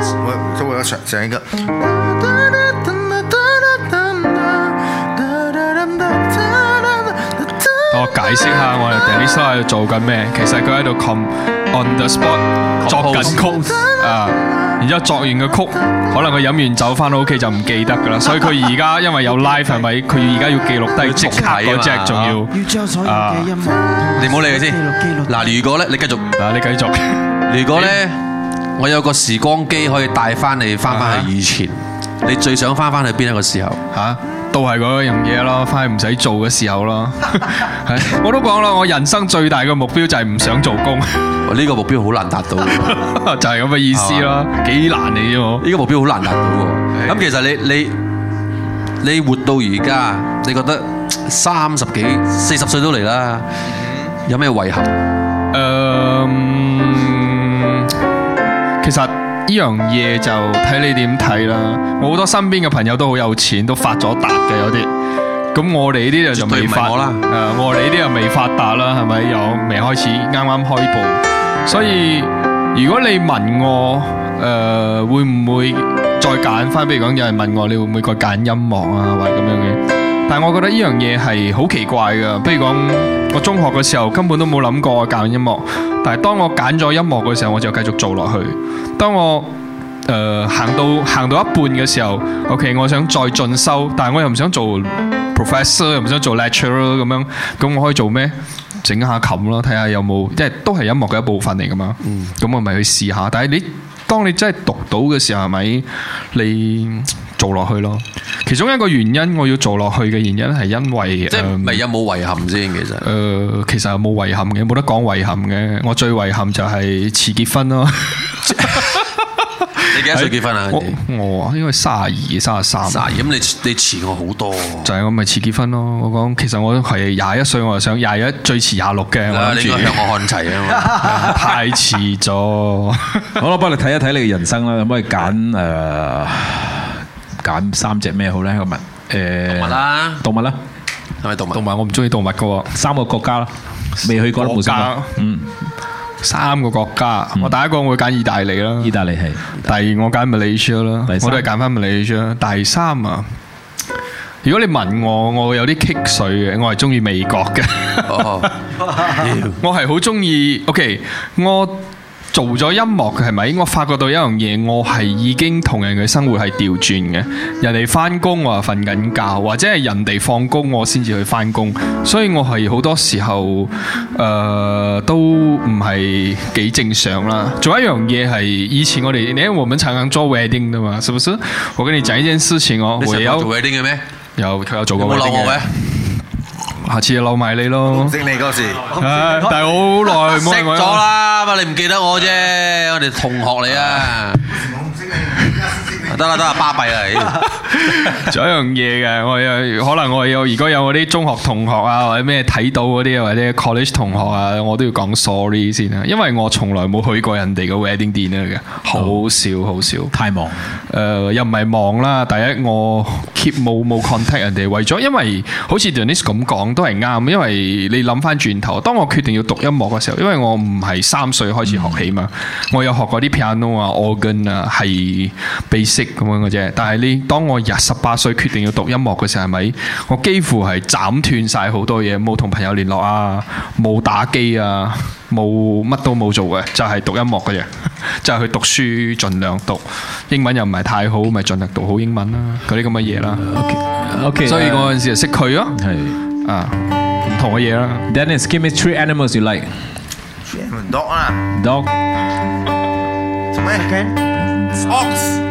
講一個，我解釋下我哋 Dennis 喺度做緊咩。其實佢喺度 come on the spot 作緊曲啊，然之後作完個曲，可能佢飲完酒翻到屋企就唔記得噶啦。所以佢而家因為有 live 係咪？佢而家要記錄低即睇嗰隻，仲要啊。你唔好理佢先。嗱，如果咧，你繼續。嗱，你繼續。如果咧。我有個時光機可以帶翻你翻翻去以前，啊、你最想翻翻去邊一個時候？嚇、啊，都係嗰樣嘢咯，翻去唔使做嘅時候咯。係， 我都講啦，我人生最大嘅目標就係唔想做工。呢個目標好難達到， 就係咁嘅意思咯。幾吧難你、啊、啫？喎，呢個目標好難達到喎。咁 其實你你你活到而家，你覺得三十幾、四十歲都嚟啦，有咩遺憾？其實呢樣嘢就睇你點睇啦。我好多身邊嘅朋友都好有錢，都發咗達嘅有啲。咁我哋呢啲就未發啦，呃，就發達啦。誒，我哋呢啲又未發達啦，係咪？又未開始，啱啱起步。所以如果你問我誒、呃、會唔會再揀翻，比如講有人問我你會唔會再揀音樂啊，或者咁樣嘅？但係我覺得呢樣嘢係好奇怪噶。比如講我中學嘅時候根本都冇諗過揀音樂。但係當我揀咗音樂嘅時候，我就繼續做落去。當我誒行、呃、到行到一半嘅時候，OK，我想再進修，但係我又唔想做 professor，又唔想做 lecturer 咁樣，咁我可以做咩？整下琴咯，睇下有冇，即係都係音樂嘅一部分嚟噶嘛。咁、嗯、我咪去試一下。但係你當你真係讀到嘅時候，係咪你做落去咯？其中一個原因我要做落去嘅原因係因為即係有冇遺憾先、呃？其實，誒，其實冇遺憾嘅，冇得講遺憾嘅。我最遺憾就係遲結婚咯。 你幾多歲結婚啊？我因為卅二、卅三。咁你你遲我好多、啊就，就係咁咪遲結婚咯。我講其實我係廿一歲，我就想廿一最遲廿六嘅。啊、我，我看齊啊 太遲咗。 好啦，幫你睇一睇你嘅人生啦，咁可以揀揀三隻咩好咧？個問，誒，動物啦，動物啦，係咪動物？動物我唔中意動物噶，三個國家啦，未去過啦，國家，嗯，三個國家，我第一個我會揀意大利啦，意大利係，第二我揀 Malaysia 啦，我都係揀翻 Malaysia，第三啊，如果你問我，我會有啲棘水嘅，我係中意美國嘅，我係好中意，OK，我。做咗音樂嘅係咪？我發覺到一樣嘢，我係已經同人嘅生活係調轉嘅。人哋返工，我係瞓緊覺，或者係人哋放工，我先至去返工。所以我係好多時候，誒、呃，都唔係幾正常啦。做一樣嘢係以前我哋，你喺我們曾經做外丁嘛，是不是？我跟你講一件事情、哦、我有你是做嘅咩？有佢有做過嘅。有下次就留埋你咯，識你嗰時，但係好耐冇識咗啦，你唔記得我啫，啊、我哋同學嚟啊。 得啦得啦，巴閉啦！仲有一樣嘢嘅，我有可能我有如果有嗰啲中學同學啊，或者咩睇到嗰啲，或者 college 同學啊，我都要講 sorry 先啊，因為我從來冇去過人哋嘅 wedding dinner 嘅，好少好少，太忙。誒，又唔係忙啦。第一，我 keep 冇冇 contact 人哋，為咗因為好似 Dennis 咁講都係啱，因為你諗翻轉頭，當我決定要讀音樂嘅時候，因為我唔係三歲開始學起嘛，我有學過啲 piano 啊，organ 啊，係 basic。咁樣嘅啫，但係呢當我廿十八歲決定要讀音樂嘅時候，係咪？我幾乎係斬斷晒好多嘢，冇同朋友聯絡啊，冇打機啊，冇乜都冇做嘅，就係讀音樂嘅嘢，就係去讀書，儘量讀英文又唔係太好，咪盡量讀好英文啦，嗰啲咁嘅嘢啦。OK OK，所以嗰陣時就識佢咯。係啊，唔同嘅嘢啦。Then give me three animals you like。三隻動物，dog 啦，dog。做咩嘅？Ox。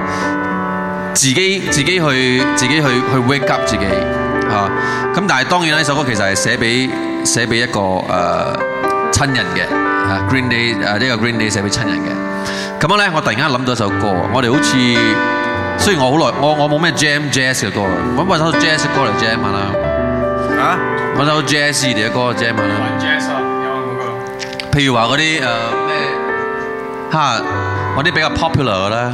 自己自己去自己去去 wake up 自己啊！咁但係當然咧，呢首歌其實係寫俾寫俾一個誒親人嘅啊，Green Day 啊呢個 Green Day 寫俾親人嘅。咁樣咧，我突然間諗到一首歌，我哋好似雖然我好耐，我我冇咩 Jam Jazz 嘅歌，我搵一首 Jazz 嘅歌嚟 Jam 嘛啦。啊，我首 Jazz 啲嘅歌 Jam 嘛啦。玩 Jazz 啊，兩萬五個。譬如話嗰啲誒咩吓，嗰啲比較 popular 咧。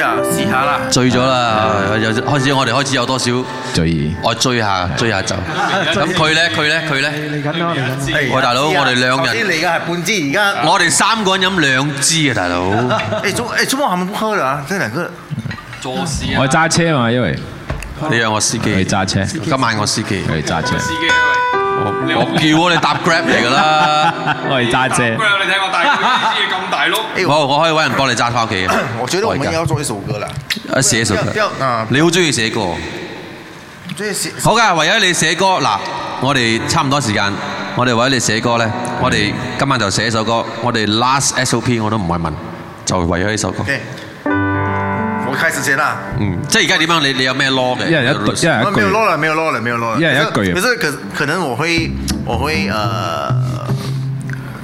試下啦！醉咗啦，又開始，我哋開始有多少醉意？我醉下醉下就咁。佢咧，佢咧，佢咧。嚟緊啦，嚟緊。我大佬，我哋兩人。啲嚟嘅係半支，而家我哋三個人飲兩支啊，大佬。誒中誒中，我係咪撲街啦？真係嘅。坐士我揸車啊嘛，因為你係我司機。我揸車。今晚我司機。我揸車。司機我我叫你搭 Grab 嚟㗎啦。我係揸車。你睇我係咯，我我可以搵人幫你揸翻屋企嘅。我覺得我們要做一首歌啦，寫一首歌。你好中意寫歌，即係寫好噶。為咗你寫歌，嗱，我哋差唔多時間，我哋為咗你寫歌咧，我哋今晚就寫一首歌。我哋 Last SOP 我都唔會問，就為咗呢首歌。我開始寫啦。嗯，即係而家點樣？你你有咩囉嘅？一人一，一人一句。冇冇囉啦，冇囉啦，冇囉啦。一人一句。其實可可能我會我會誒。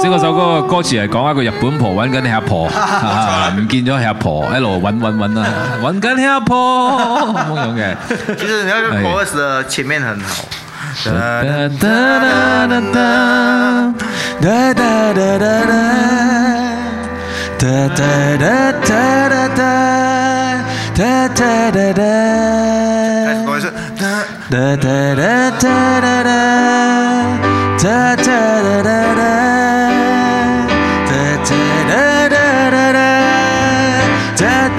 即係嗰首歌嘅歌詞係講一個日本婆揾緊你阿婆，唔見咗係阿婆，一路揾揾揾啦，揾緊你阿婆咁樣嘅。其實你睇個 verse 嘅前面很好。